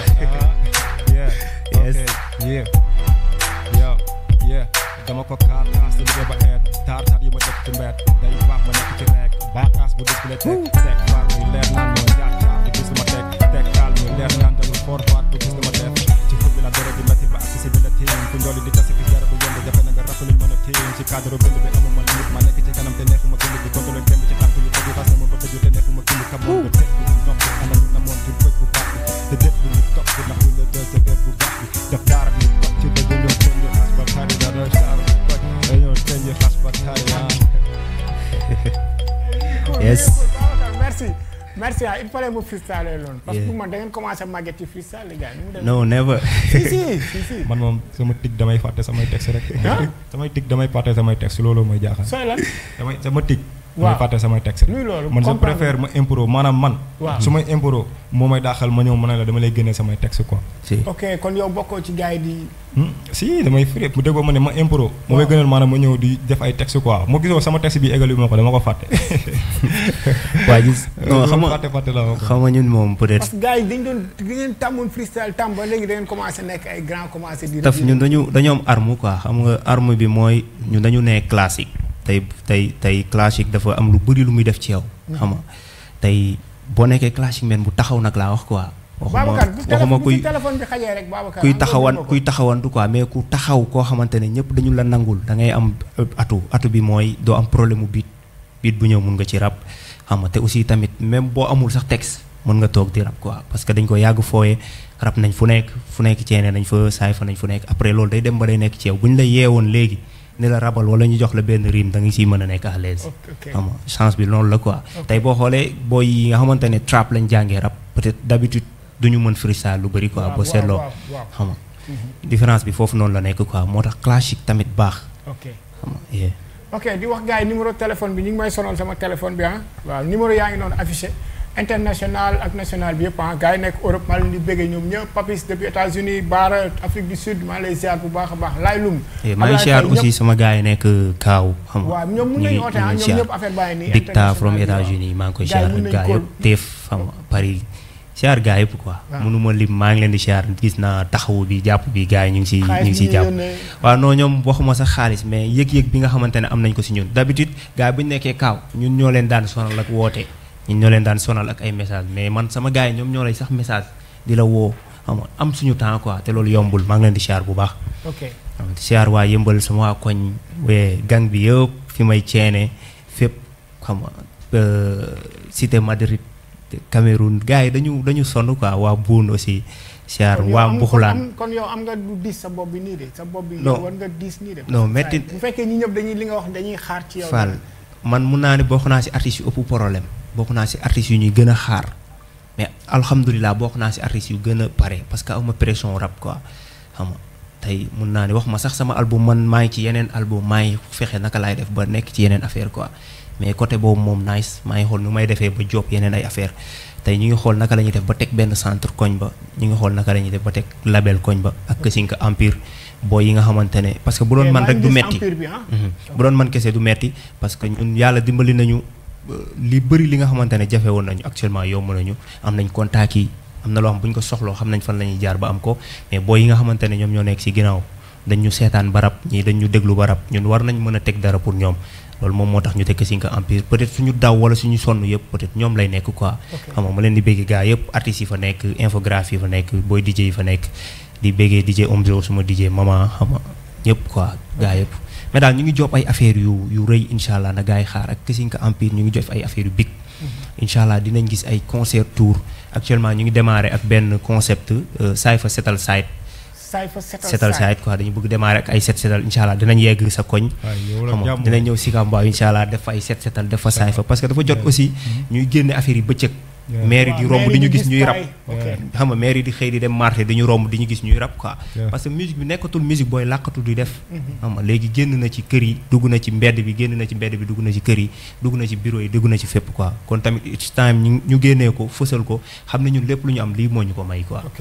yes dama taar taar yu ma dëkk ci mbedd day baax ma nekk ci nekk baaxaas bu dëkk la teg teg faar muy leer naan mooy jaar jaar di gis ma teg teg kaal muy leer naan dalul for faar du gis ma def ci xur bi la doro di métti ba ak si bi la téen ku njooli di tase fi jara du yomb jafe na nga rafetlu mën a téen ci cadre bind bi amu ma nit ma nekk ci kanam te neexuma bind bi contrôle dem ci tànk yu tëju tase ma ba tëju te neexuma bind kamoon ba teg bi nopp ana ñu namoon di bëj bu baax te dét bi ñu topp ndax ñu la dël yes merci merci ah il fallait mu freestyle loolu. parce que man da ngeen commencé màgget ci freestyle les gars. non never. si si si man moom sama tig damay fàtte samay texte rek. ah samay tig damay fàtte samay texte loolu mooy jaaxal. sooy sama tig. waaw fàtte samay texte man je préfère ma impro maanaam man. waaw su may impro moo may daaxal ma ñëw ma ne la dama lay génne samay texte quoi. ok kon yow bokkoo ci gars yi di. Hmm? si damay firi mu ma ne ma impro. moo may gënal maanaam ma ñëw di def ay texte quoi moo gisoo sama texte bi égal bi ko dama ko fàtte. waa gis. non xam nga xam nga ñun moom peut être. gars yi dañu doon dañu leen tàmmoon freestyle tàmm ba léegi da ngeen nekk ay grand commencé. di taf ñun dañu dañoo am arme quoi xam nga bi mooy ñun dañu nekk classique. tey tey tey classique dafa am lu bëri lu muy def ci yow. Mm-hmm. xam tey boo nekkee classique men bu taxaw nag laa wax quoi. Babacar waxuma kuy kuy taxawan kuy taxawantu quoi mais ku taxaw koo xamante ne ñëpp dañu la nangul da ngay am euh, atu atu bi mooy doo am problème mu biit biit bu ñëw mun nga ci rab xam nga te aussi tamit même boo amul sax texte mën nga toog di rab quoi parce que dañ ko yàgg fooyee rab nañ fu nekk fu nekk ceene nañ fa saay fa nañ fu nekk après loolu day dem ba day nekk ci yow bu ñu la yeewoon ne la rabal wala ñu jox la benn rime da nga mën a nekk à l'aise chance bi loolu la quoi tey boo xoolee booy yi nga xamante trap lañ jàngee rap peut-être duñu mën freestyle lu bëri quoi boo seetloo xam mhm. différence bi foofu noonu la nekk quoi moo tax classique tamit baax xam nga ok di wax gars yi numéro téléphone bi ñu ngi may sonal sama téléphone bi ah waaw yaa ngi noonu affiché international ak national bi yëpp ah gars yi nekk Europe maa leen di bëggee ñoom ñëpp Papis bu baax a baax laay lum. Eh, maa sama gars yi nekk euh, Kaaw. xam nga ñoom mun nañu oote ah ñoom nii. maa ngi koy ziar ak gars yëpp teef xam nga Paris. siyaar gaa yëpp quoi mënuma lim maa ngi leen di siyaar gis naa taxawu bi jàpp bi gars yi ñu ngi si ñu ngi siy jàpp waaw non ñoom waxuma sax xaalis mais yëg-yëg bi nga xamante ne am nañ ko si ñun d'habitude gars yi bu ñu nekkee kaaw ñun ñoo leen daan sonal ak woote ñun ñoo leen daan sonal ak ay message mais man sama gars yi ñoom ñoo lay sax message di la woo xam am suñu temps quoi te loolu yombul maa ngi di siyaar bu baax. ok di waa yëmbal sama waa koñ bi yëpp fi may ceene fépp xam nga cité Madrid Cameroun gars yi dañu dañu sonn quoi waa Boune aussi. siyaar waa Mbuxulaan kon yow am nga du diis sa bopp bi nii de. sa bopp bi war nga bu fekkee ñi ñëpp dañuy li nga wax dañuy xaar ci yow. Fall man mun naa ne bokk naa si artistes yu ëpp problème. bokk naa si artistes yu ñuy gën a xaar mais alhamdulilah bokk naa si artistes yu gën a pare parce que awma pression rap quoi xam nga tey mun naa ne wax ma sax sama album man maa ngi ci yeneen album maa ngi fexe naka laay def ba nekk ci yeneen affaire quoi mais côté boobu moom nice maa ngi xool nu may defee ba job yeneen ay affaire tey ñu ngi xool naka la ñuy def ba teg benn centre koñ ba ñu ngi xool naka la ñuy def ba teg label koñ ba ak Kësinka empire boo yi nga xamante ne parce que bu doon eh, man rek ah. mhm. du metti dimbali nañu li bëri li nga xamante ne jafe woon nañu actuellement yomb nañu am nañ contact yi am na loo xam bu ko soxloo xam nañ fan la ñuy jaar ba am ko mais boo yi nga xamante ne ñoom ñoo nekk ci ginnaaw dañ ñu seetaan barab ñii dañ ñu déglu barab ñun war nañ mën a teg dara pour ñoom loolu moom moo tax ñu tekk Singha Empire peut-être suñu daw wala suñu sonn yëpp peut-être ñoom lay nekk quoi. xam nga ma leen di bëgg gaa yëpp artistes yi fa nekk infographie yi fa nekk booy DJ fa nekk di bëggee DJ Omzo suma DJ Mama xam nga ñëpp quoi gaa yëpp. mais daal ñu ngi job ay affaire yu yu rëy incha na gars xaar ak Kisinka Empire ñu ngi jof ay affaire yu big mm-hmm. incha allah dinañ gis ay concert tour actuellement ñu ngi démarrer ak benn concept saay euh, fa setal site setal site quoi dañu bëgg démarrer ak ay set setal incha allah dinañ yegg sa koñ xam dinañ ñëw Sicap Mbao def fa ay set setal def fa saay fa parce dafa jot aussi mm-hmm. ñuy génne affaire yi bëccëg maire yi di romb di ñu gis ñuy rap xam nga maire yi di xëy di dem marché di ñu romb di ñu gis ñuy rap quoi parce que musique bi nekkatul musique booy làqatu di def mhm. xam nga léegi génn na ci kër yi dugg na ci mbedd bi génn na ci mbedd bi dugg na ci kër yi dugg na ci bureau yi dugg na ci fépp ko kon tamit it's time ñu génnee ko fësal ko xam ne ñun lépp lu ñu am lii moo ñu ko may quoi bu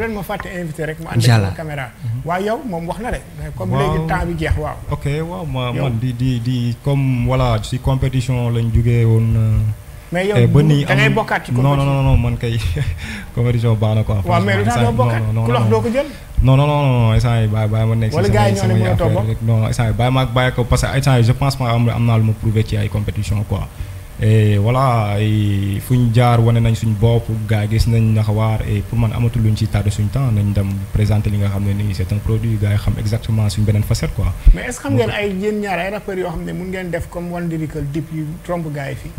leen ma fàtte invité rek mu ànd ak caméra mhm. waaw yow moom wax na rek comme léegi temps bi jeex waaw ok waaw ma man di di di comme voilà si compétition lañ jógee woon euh, mais yow eh, da ngay bokkaat ci man kay compétition baax na quoi. waaw mais ku lox doo ko jël. non non non non instant yii bàyyi ma nekk. wala gars yi ñoo ne mënatoo bokk non non instant yii bàyyi ma bàyyi ko parce que instant yii je pense que am am naa lu ma prouvé ci ay compétition quoi. et voilà fu ñu jaar wane nañ suñu bopp gars yi gis nañ Naxawaar et pour man amatul luñ ci tardé suñu temps nañ dem présenter li nga xam ne nii c'est un produit gars yi xam exactement suñu beneen facette quoi. mais est-ce ne mun ngeen def comme One Dip yu trompe gars yi fii.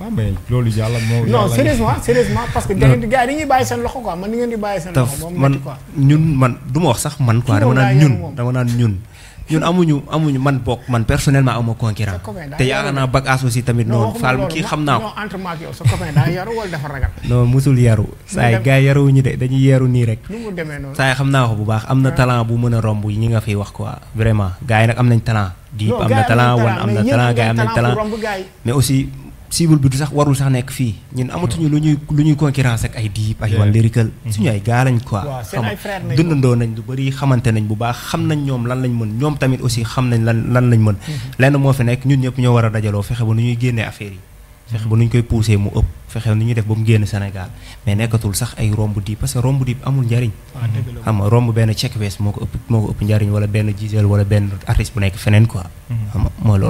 waaw mais loolu yàlla moo. non sérieusement sérieusement parce que. gars yi dañuy bàyyi seen loxo quoi man ni ngeen di bàyyi seen loxo. man ñun man du wax sax man quoi dama naan ñun dama naan ñun. ñun amuñu amuñu man bokk man personnellement amu concurrent te yaakaar naa bagage aussi tamit noonu Fall kii xam naa ko sa copain daa yaru wala saa yi gars yi yaruwuñu de dañuy yeru nii rek saa yi xam naa ko bu baax am na ah. talent bu mën a romb ñi nga fiy wax quoi vraiment gars yi nag am nañ talent diib am na talent wan am na talent gars yi am nañ talent mais aussi cible bi du sax warul sax nekk fii ñun amatuñu lu ñuy lu ñuy concurrence ak ay diib ay wan lyrical mm-hmm. suñu ay gaa lañ quoi xam dundandoo nañ lu bëri xamante nañ bu baax xam nañ ñoom lan lañ mën ñoom tamit aussi xam nañ lan lañ mën mm-hmm. lenn moo fi nekk ñun ñëpp ñoo war a dajaloo fexe ba nu ñuy génnee affaire yi mm-hmm. fexe ba nu ñu koy poussé mu ëpp fexeel ni ñuy def ba mu génn Sénégal mais nekkatul sax ay romb diib parce romb diib amul njariñ ah, xam nga romb benn check wees moo ko ëpp moo ko ëpp njariñ wala benn gisel wala benn artiste bu nekk feneen quoi mhm. xam lu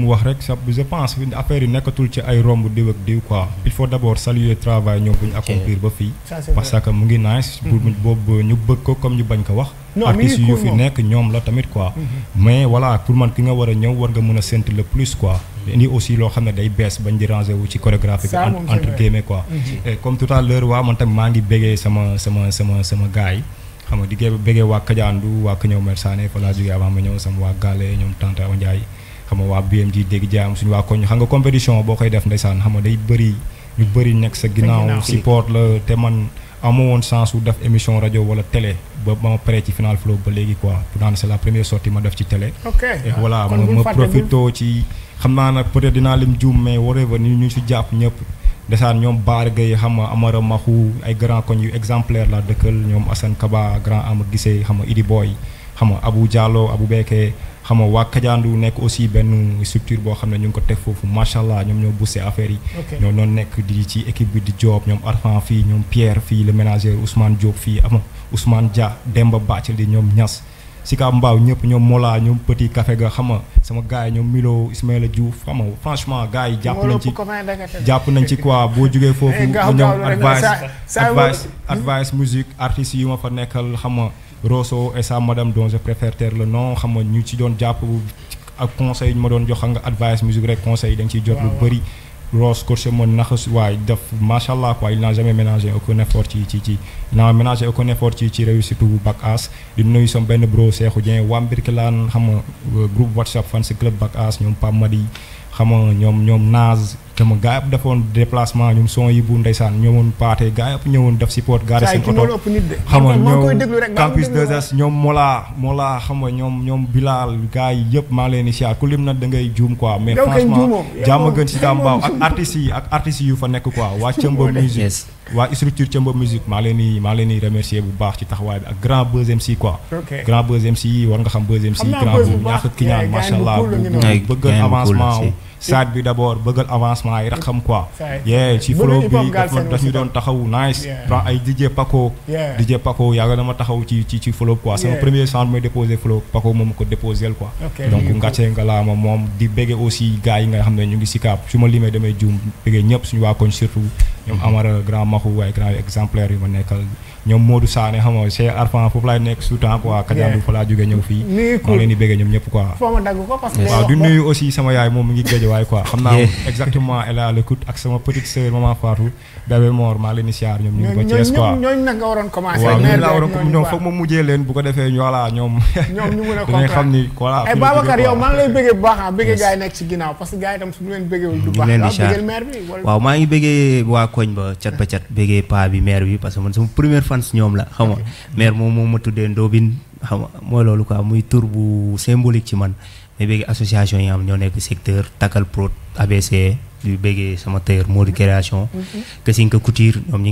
mu wax rek je pense affaire yi nekkatul ci ay romb diw ak diw quoi il faut d'abord saluer travail ñoom bu ñu accomplir ba fii parce que mu ngi nice mhm. boobu ñu bëgg ko comme ñu bañ ko wax artistes yu fi nekk ñoom la tamit quoi mhm. mais voilà pour man ki nga war a ñëw war nga mën a séntu le ni aussi loo xam ne day bees bañ di ranger wu ci chorégraphie bi entre guillemets quoi mhm. comme tout à waa man tam maa ngi béggee sama sama sama sama gars xam nga di gée béggee waa ma ñëw sama waa Gale ñoom Tante Awa Ndiaye xam nga waa BMG dégg jaayam suñu waa koñ xam nga compétition boo koy def ndeysaan xam nga day bëri ñu bëri nekk sa ginnaaw support la te man amoo woon chance wu def émission rajo wala télé ba ma paree ci Final Flow ba léegi quoi pour naan c'est la première sortie ma def ci télé voilà ma profito ci xam naa nag peut dinaa lim juum mais whatever ni ñu si jàpp ñëpp desaan ñoom Baar Gueye xam nga Amara Mahou ay grand koñ yu exemplaire la dëkkal ñoom Assane Kaba grand ama gisee xam nga Idi Boy xam nga Abou Diallo Abou Beke xam nga waa Kajaandu nekk aussi benn structure boo xam ne ñu ngi ko teg foofu macha allah ñoom ñoo boosté affaire yi. ñoo ñoo nekk di ci équipe bi di Diop ñoom Arfan fii ñoom Pierre fii le ménager Ousmane Diop fii ama ah Ousmane Dia Demba Bathily ñoom ñas Sika Mbaaw ñëpp ñoom Mola ñoom Petit Café ga xam nga sama gars yi ñoom Milo Ismaïla Diouf xam nga franchement gars yi jàpp nañ ci jàpp nañ ci quoi boo jógee eh, foofu ñoom advice advice advice musique artistes yu ma fa nekkal xam nga Rosso et sa madame dont je préfère taire le nom xam nga ñu ci doon jàpp ak conseil ñu ma doon jox xam nga advice musique rek conseil dañ ciy jot lu bëri Ross coaché ma naxas waaye def macha allah quoi il n'a jamais ménagé aucun effort ci ci ci il n'a ménagé aucun effort ci ci réussite bu Bac As di nuyu sama benn bro Cheikhou Dieng waa Mbirkilaan xam nga euh, groupe WhatsApp fan si club Bac As ñoom Pape Madi xam nga ñoom ñoom Naaz te mu gaa yëpp defoon déplacement ñoom yi bu ndeysaan ñëwoon paate gaa yëpp ñëwoon def support gaari seen oto xam nga ñoom campus 2S ñoom Mola Mola xam nga ñoom ñoom Bilal gars yi yëpp maa leen di siyaar ku lim na da ngay juum quoi mais franchement jàmm gën si dambaaw ak artistes yi ak artistes yu fa nekk quoi waa Cëmba musique waa structure Thiombo musique maa leen di maa leen di remercier bu baax ci taxawaay bi ak grand Buzz MC quoi. grand Buzz MC yi war nga xam Buzz MC. grand bu ñàkk ki ñaan macha allah bu bëggal avancement bi d' abord bëggal avancement ay raxam quoi. yee ci flow bi daf ñu doon taxawu nice. prend ay DJ Paco. DJ Paco yàgg na ma taxaw ci ci ci flow quoi sama premier sound may déposé flow Paco moom ko déposé quoi. donc ngàcce nga laa ma moom di bëggee aussi gars yi nga xam ne ñu ngi si kaab su ma limee damay juum bëggee ñëpp suñu waa koñ ñoom Amara grand maxu waaye grand exemplaire yu ma nekkal ñoom Modou Sané xam nga c'est Arfan foofu laay nekk tout temps quoi waaw maa ngi a bëggee waa koñ ba cat ba cat bëggee paa bi maire bi parce que man sama première fois fans ñoom la xam nga maire yi am ñoo nekk secteur Takal Prod ABC di bëggee sama tailleur Modou Création Kasinka Couture ñoom ne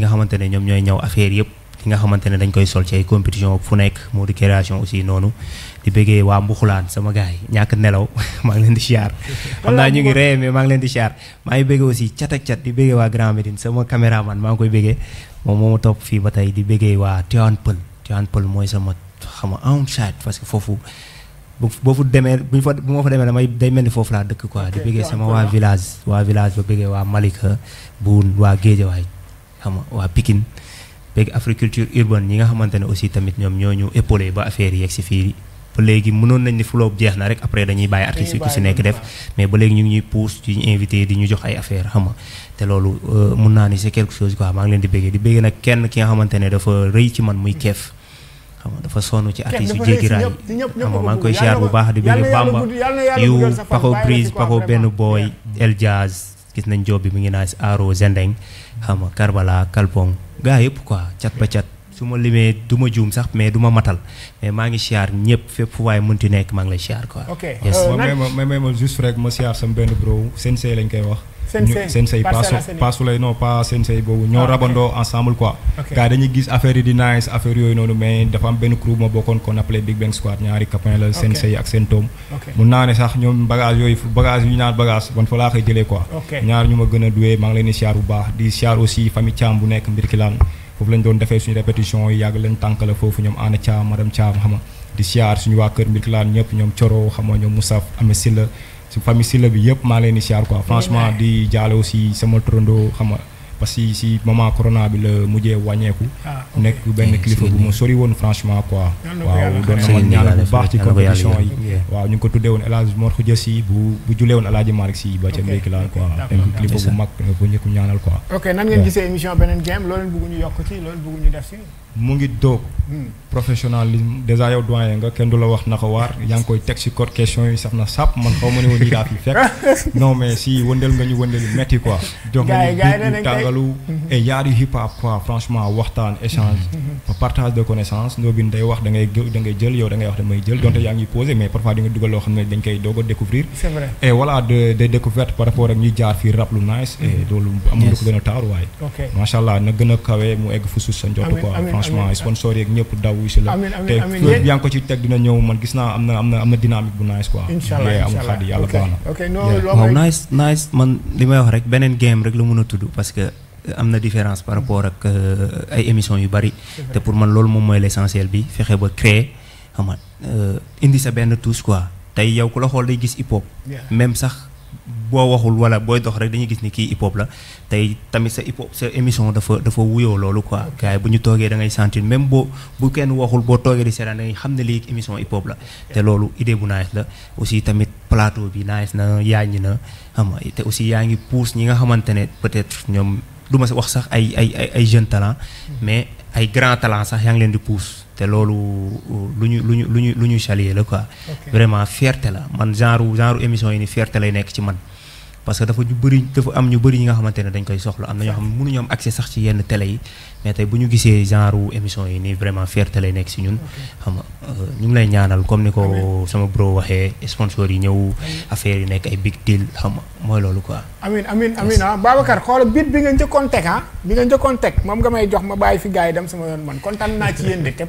ñoom ñooy ñëw affaire yëpp ki nga xamante ne dañ koy sol ci ay compétition fu nekk Modou Création aussi noonu di bëggee waa Mbuxulaan sama gars yi ñàkk nelaw maa ngi leen di siyaar maa ngi bëggee aussi cat ak cat di bëggee waa Grand Médine sama caméraman maa ngi koy bëggee moom moo ma topp fii ba tey di bëggee waa Tivaouane Peulh Tivaouane Peulh mooy sama xama am chat parce que foofu bu boo fu demee bu fa bu ma fa demee damay day mel ni foofu laa dëkk quoi di bëggee sama waa village waa village ba bëggee waa Malika bu waa Géejawaay xam nga waa Pikine bëgg agriculture urbaine ñi nga xamante ne aussi tamit ñoom ñoo ñu épaulé ba affaire yi yegg si fii ba léegi mënoon nañ ni flow jeex na rek après dañuy bàyyi artistes yi ku si nekk def mais ba léegi ñu ngi ñuy pousse ci ñu invité di ñu jox ay affaire xam nga te loolu euh, mun naa ni c'est quelque chose quoi maa leen di béggee di béggee nag ki nga xamante ne dafa rëy ci man muy keef xam nga dafa sonn ci artistes yu jéggi raay xam nga maa ngi koy siyaar bu baax di béggee Bamba yu Paco Prise Paco benn booy El Jazz gis nañ job bi mu ngi naa si Aro Zendeng xam nga Karbala Kalpong gaa yëpp quoi cat ba cat su ma limee du ma juum sax mais du ma matal mais maa ngi siyaar ñëpp fépp fu waaye mënti nekk maa ngi lay siyaar quoi. ok euh, may ma may ma juste rek koy wax. sensei sensei paasu boobu ñoo ah, rabandoo ensemble quoi. gars dañuy gis affaire yooyu noonu mais dafa am benn crew ma bokkoon qu'on appelait Big Bang Squad ñaari copain la sensei ak yooyu bagage yu ñu naan bagage man fa laa koy jëlee ko ñaar ñu ma gën a duwee maa ngi leen siyaar bu baax di siyaar aussi famille Thiam bu nekk mbir ki foofu lañ doon defee suñu répétition yi yàgg leen tànkale foofu ñoom Ana Thiam madame Thiam xama di siyaar suñu waa kër Mbirkilaan ñëpp ñoom Coro xama ñoom Moussa Amé Silla su famille Silla bi yëpp maa leen di siyaar quoi franchement di jaale aussi sama turandoo xama parce que si moment corona bi la mujjee wàññeeku. Ah, nekk benn kilifa bu ma sori woon franchement quoi. waaw doon na ma ñaanal bu baax ci compétition yi. waaw ñu ngi ko tuddee woon El Hadj Mor Khoudia Sy bu bu julee woon El Hadj Malick Sy ba ca mbéyki laan quoi. nekk kilifa bu mag euh, bu ñaanal quoi. ok nan ngeen gisee émission beneen game loolu bëgg ñu yokk ci loolu bëgg ñu def ci. mu ngi doog. Hmm. professionnalisme dèjà yow doyen nga kenn du la wax na naka waar yaa ngi koy teg si code question yi sax na sàpp man xaw ma ne woon ñi daa fi fekk non mais si wëndeel nga ñu wëndeel metti quoi. jox ragalu mhm. et yaar yu hip hop quoi franchement waxtaan échange mhm. Mhm. partage de connaissances Ndobine day wax da ngay jël yow da wax damay jël donte yaa ngi posé mais parfois di dugal loo xam ne dañ koy doog a découvrir c'est de des par rapport ak jaar fii rap lu nice et loolu amul lu ko gën a taaru waaye macha allah na gën a kawe mu egg fu suuf sa njott quoi franchement sponsor yeeg ñëpp daw si la te yaa ngi ko ci teg dina ñëw man gis naa a Euh, am na différence par rapport ak euh, ay émissions yu bari. te pour man loolu moom mooy l'essentiel bi fexe ba créer xam nga euh, indi sa benn touche quoi tey yow ku la xool day gis hip hop. même sax boo waxul wala booy dox rek dañuy gis ni kii hip hop la tey tamit sa hip hop sa émission dafa dafa wuyoo loolu quoi gars bu ñu toogee dangay ngay sentir même boo bu kenn waxul boo toogee di seetaan da xam ne lii émission hip hop la. te loolu idée bu nice la aussi tamit plateau bi nice na yaa ngi na xam nga te ñi nga xamante ne peut-être ñoom. duma ma wax sax ay ay ay ay jeunes talents mais ay grands talents sax yaa ngi leen di pousse te loolu lu ñu lu ñu lu ñu lu ñu saluer la quoi. vraiment fierté la man genre genre émission yi ni fierté lay nekk ci man. parce que dafa ñu bëri am ñu bëri ñi nga xamante ne dañ koy soxla am na ñoo xam ne mënuñu am accès sax ci yenn télé yi mais tey bu ñu gisee genre émission yi nii vraiment fierté lay nekk si ñun xam euh, ñu ngi lay ñaanal comme ni ko sama bro waxee sponsor yi ñëw affaire yi nekk ay big deal xam mooy loolu quoi amin amin amin ah Babacar xoolal bi nga njëkkoon teg ah bi nga njëkkoon teg moom nga may jox ma bàyyi fi gars dem sama yoon man kontaan naa ci yéen de te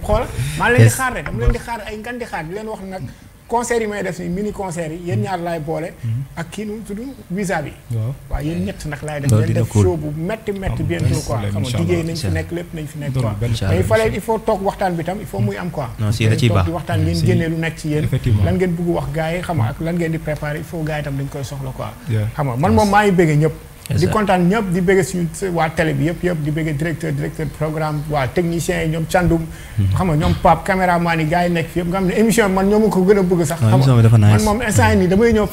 leen wax nag concert yi may def nii mini concert yi yéen ñaar laay boole. Mhm. ak kii nu tudd visa bi. waaw waaw yéen ñett nag laay def. loolu def show bu métti métti bientôt quoi. xam nga liggéey nañ fi nekk lépp nañ fi nekk quoi. mais il fallait il faut toog waxtaan bi tam il faut muy am quoi. non si da ciy baax waxtaan ngeen génnee lu nekk ci yéen. lan ngeen bëgg wax gars xam ak mm. lan ngeen di préparer il faut gars yi tam dañ koy soxla quoi. di kontaan ñëpp di bëgg suñu waa télé bi yëpp yëpp di bëgg directeur directeur programme waa technicien yi ñoom candum hmm. xam nga ñoom Pape caméraman yi gars yi nekk fi yëpp nga xam ne émission bi ko gën a bëgg sax xam nga man moom instant yi nii damay ñëw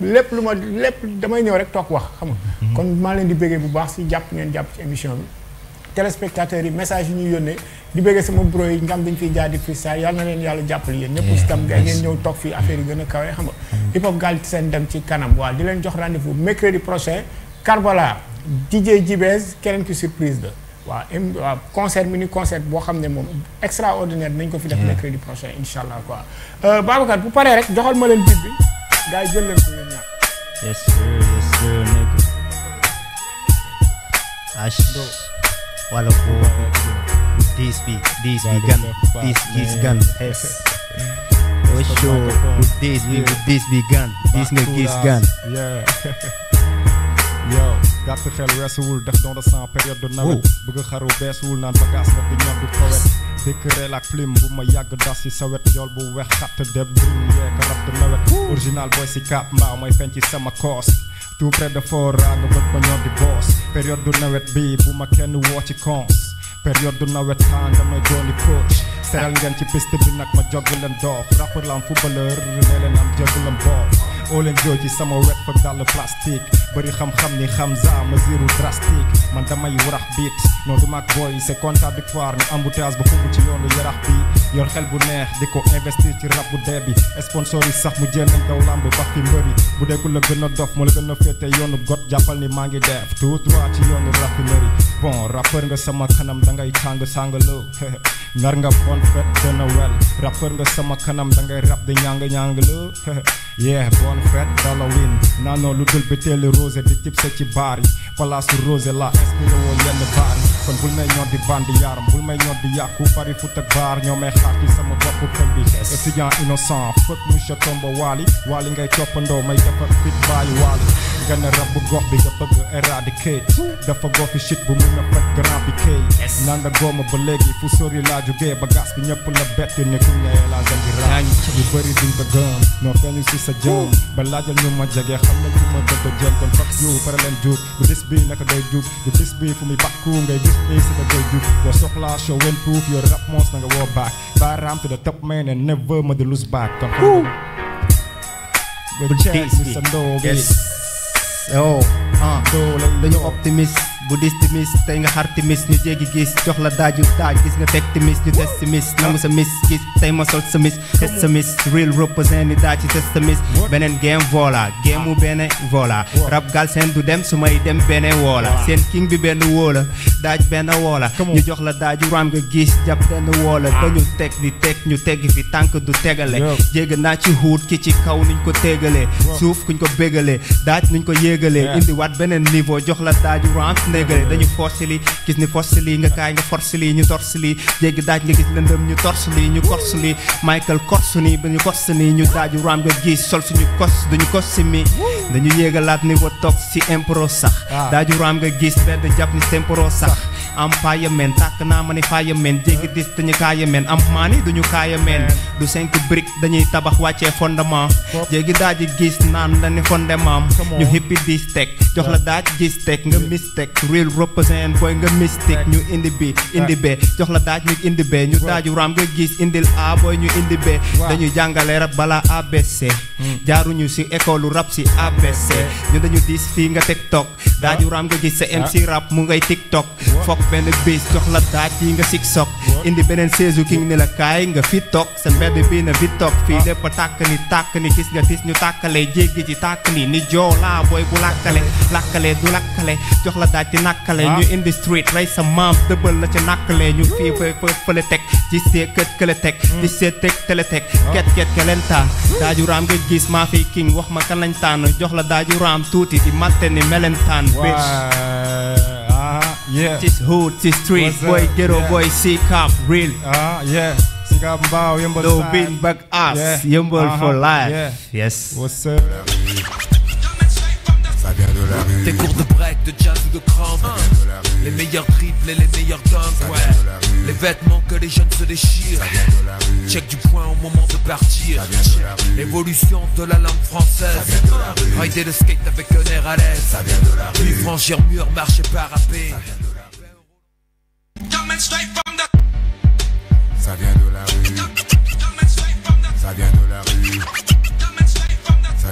lépp lu ma lépp damay ñëw rek toog wax xam nga hmm. kon maa leen di bëggee bu baax si jàpp ngeen jàpp ci émission bi téléspectateurs yi message yi ñuy yónnee di bëggee sama bro yi nga xam dañu fiy jaar di freestyle yal na leen yàlla jàppale yéen ñëpp si tam gay ngeen ñëw toog fii a kawee xam nga hmm. hip hop gal seen dem ci kanam waaw di leen jox rendez Karbala DJ Jibez keneen ki surprise la waaw im waaw concert mini concert boo xam ne moom extraordinaire nañ ko fi def hmm. mercredi prochain incha allah quoi euh, Babacar bu paree rek joxal ma leen bit bi gars yi ko yéen ñaar yes sir wala bi diis bi gan diis bi bu yow gàtt xel weesuwul def don san sang période de nawet bëgg xaru wul naan bagaas la di ñor du kowet décrél ak plume bu ma yàgg das si sa wet yool bu weex xatt deb brim yeeka rab de nawet original boy si kaap mbaaw mooy feeñ ci sama koos tout près de fort nga bëgg ma ñor di boos période du nawet bi bu ma kenn woo ci cons période du nawet temps damay dooni coach seral ngeen ci piste bi nag ma jog leen doox rappeur lam footballeur ne leen óoleen joo ci sama wet fa dàll plastique bëri xam-xam ni xam za mesure drastique man damay warax biit non du mag booy c'est contradictoire ni embouteillage ba xumb ci yoonu yarax bi yor xel bu neex di ko investir ci rab bu dee bi sponsor yi sax mu jéem nañ daw làmb bax mbëri bu dee ku la gën a dof mu la gën a féete yoonu got jàppal ni maa ngi def tout droit ci yoonu raffinerie bon rappeur nga sama kanam da ngay tàng sàngaloo nar nga bon fête dana wel rappeur nga sama kanam da ngay rap di ñàng ñàng lu yeah bon fête Halloween naanoo lu dul bi teelu rosé di tip sa ci baar yi palaasu rosé la inspiré woon yenn baar yi kon bul may ñoo di bandi yaaram bul may ñoo di yàqu fari fut ak baar ñoo may xaar ci sama bopp xel bi étudiant innocent fët monsieur Tomba Waali Waali ngay toppandoo may dafa fit bàyyi Waali nga ne rab gox bi nga bëgg éradiquer dafa gofi shit bu mun a faj grand bi kay léegi fu sori laa jugee ba gas ñëpp la bett ni ku ñëwee laa jëndi raaj yu bëri duñ ko gëm noo feeñu si sa jëm ba laajal ñu ma jege xam nañ fi ma bëgg a jëm kon fak you pare leen juub du bis bi naka day Ace da koy jug boo soxlaa show and proof your rap moos na nga woo back baaraam to the top man and never ma de lose back kon xam nga good chance sa ndoo dañu optimiste bu dis timis tey nga xar timis ñu jéggi gis jox la daaju daaj gis nga teg timis ñu des timis nangu sa mis gis tey ma sol sa mis test sa mis real represent ni daa ci test sa mis beneen game voilà game mu beneen voilà rab gal seen du dem su may dem beneen woola seen king bi benn woola daaj benn woola ñu jox la daaju ram nga gis jàpp benn woola dañu ah. teg di teg ñu tegg fi tànk du tegale jégg naa ci xuut ki ci kaw nuñ ko tegalee suuf ku ñu ko bégalee daaj nuñ ko yéegalee indi waat beneen niveau jox la daaju ram néegale dañu force li gis ni force li nga kaay nga force li ñu torse li jéggi daaj nga gis lëndëm ñu torse li ñu korse li Michael korse ni ba ñu korse ni ñu daaju ram nga gis sol suñu kos dañu kos si mi dañu yéegalaat ni wa toog si impro sax ah. daaju ram nga gis benn jàpp ni simpro sax am fire men tàkk naa ma ni fire men jéggi dis dañu kaaya men am maani duñu kaaya men du cinq briques dañuy tabax wàccee fondement jéggi daaji gis naan la ni fondement ñu hippi dis teg jox la daaj gis teg nga mistake real represent booy nga mystique ñu indi bi indi be jox la daaj ñu indi be ñu daaju ram nga gis indil a booy ñu indi be dañuy jàngale rab bala ABC hmm. jaaruñu ci école rap ci ABC ñu dañu dis fii nga teg toog daaj yu raam nga gis sa MC ah. rap mu ngay tiktok foog benn bis jox la daaj yi nga sig sok indi beneen saison king ni la kaay nga fi toog sa mbedd bii na fi toog fii ah. lépp tàkk ni tàkk ni gis nga gis ñu tàkkale jéggi ci tàkk ni ni joo laa booy bu làkkale làkkale du làkkale jox la daaj ci nàkkale ah. ñu indi street rey sa maam dëbal la ci nàkkale ñu fii fa fële teg ci see kët tek teg hmm. ci see teg tële teg ket ket kelenta daaju raam nga gis maa king wax ma kan lañ tànn jox la daaju raam tuuti di matte ni melentaan bitch. Uh-huh, yeah. This hood, this street, boy ghetto, yeah. boy sick up, real. Uh-huh, yeah. Sick up bow, yumble No being back ass, yeah. yumble uh-huh, for life. Yeah. Yes. What's up? Ça vient de la rue. Des cours de break, de jazz ou de crampe. les meilleurs dribbles et les meilleurs dunks, Les vêtements que les jeunes se déchirent. Check du point au moment de partir. L'évolution de la langue française. Rider le skate avec un air à l'aise. franchir mur, marcher parapé. Ça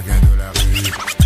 vient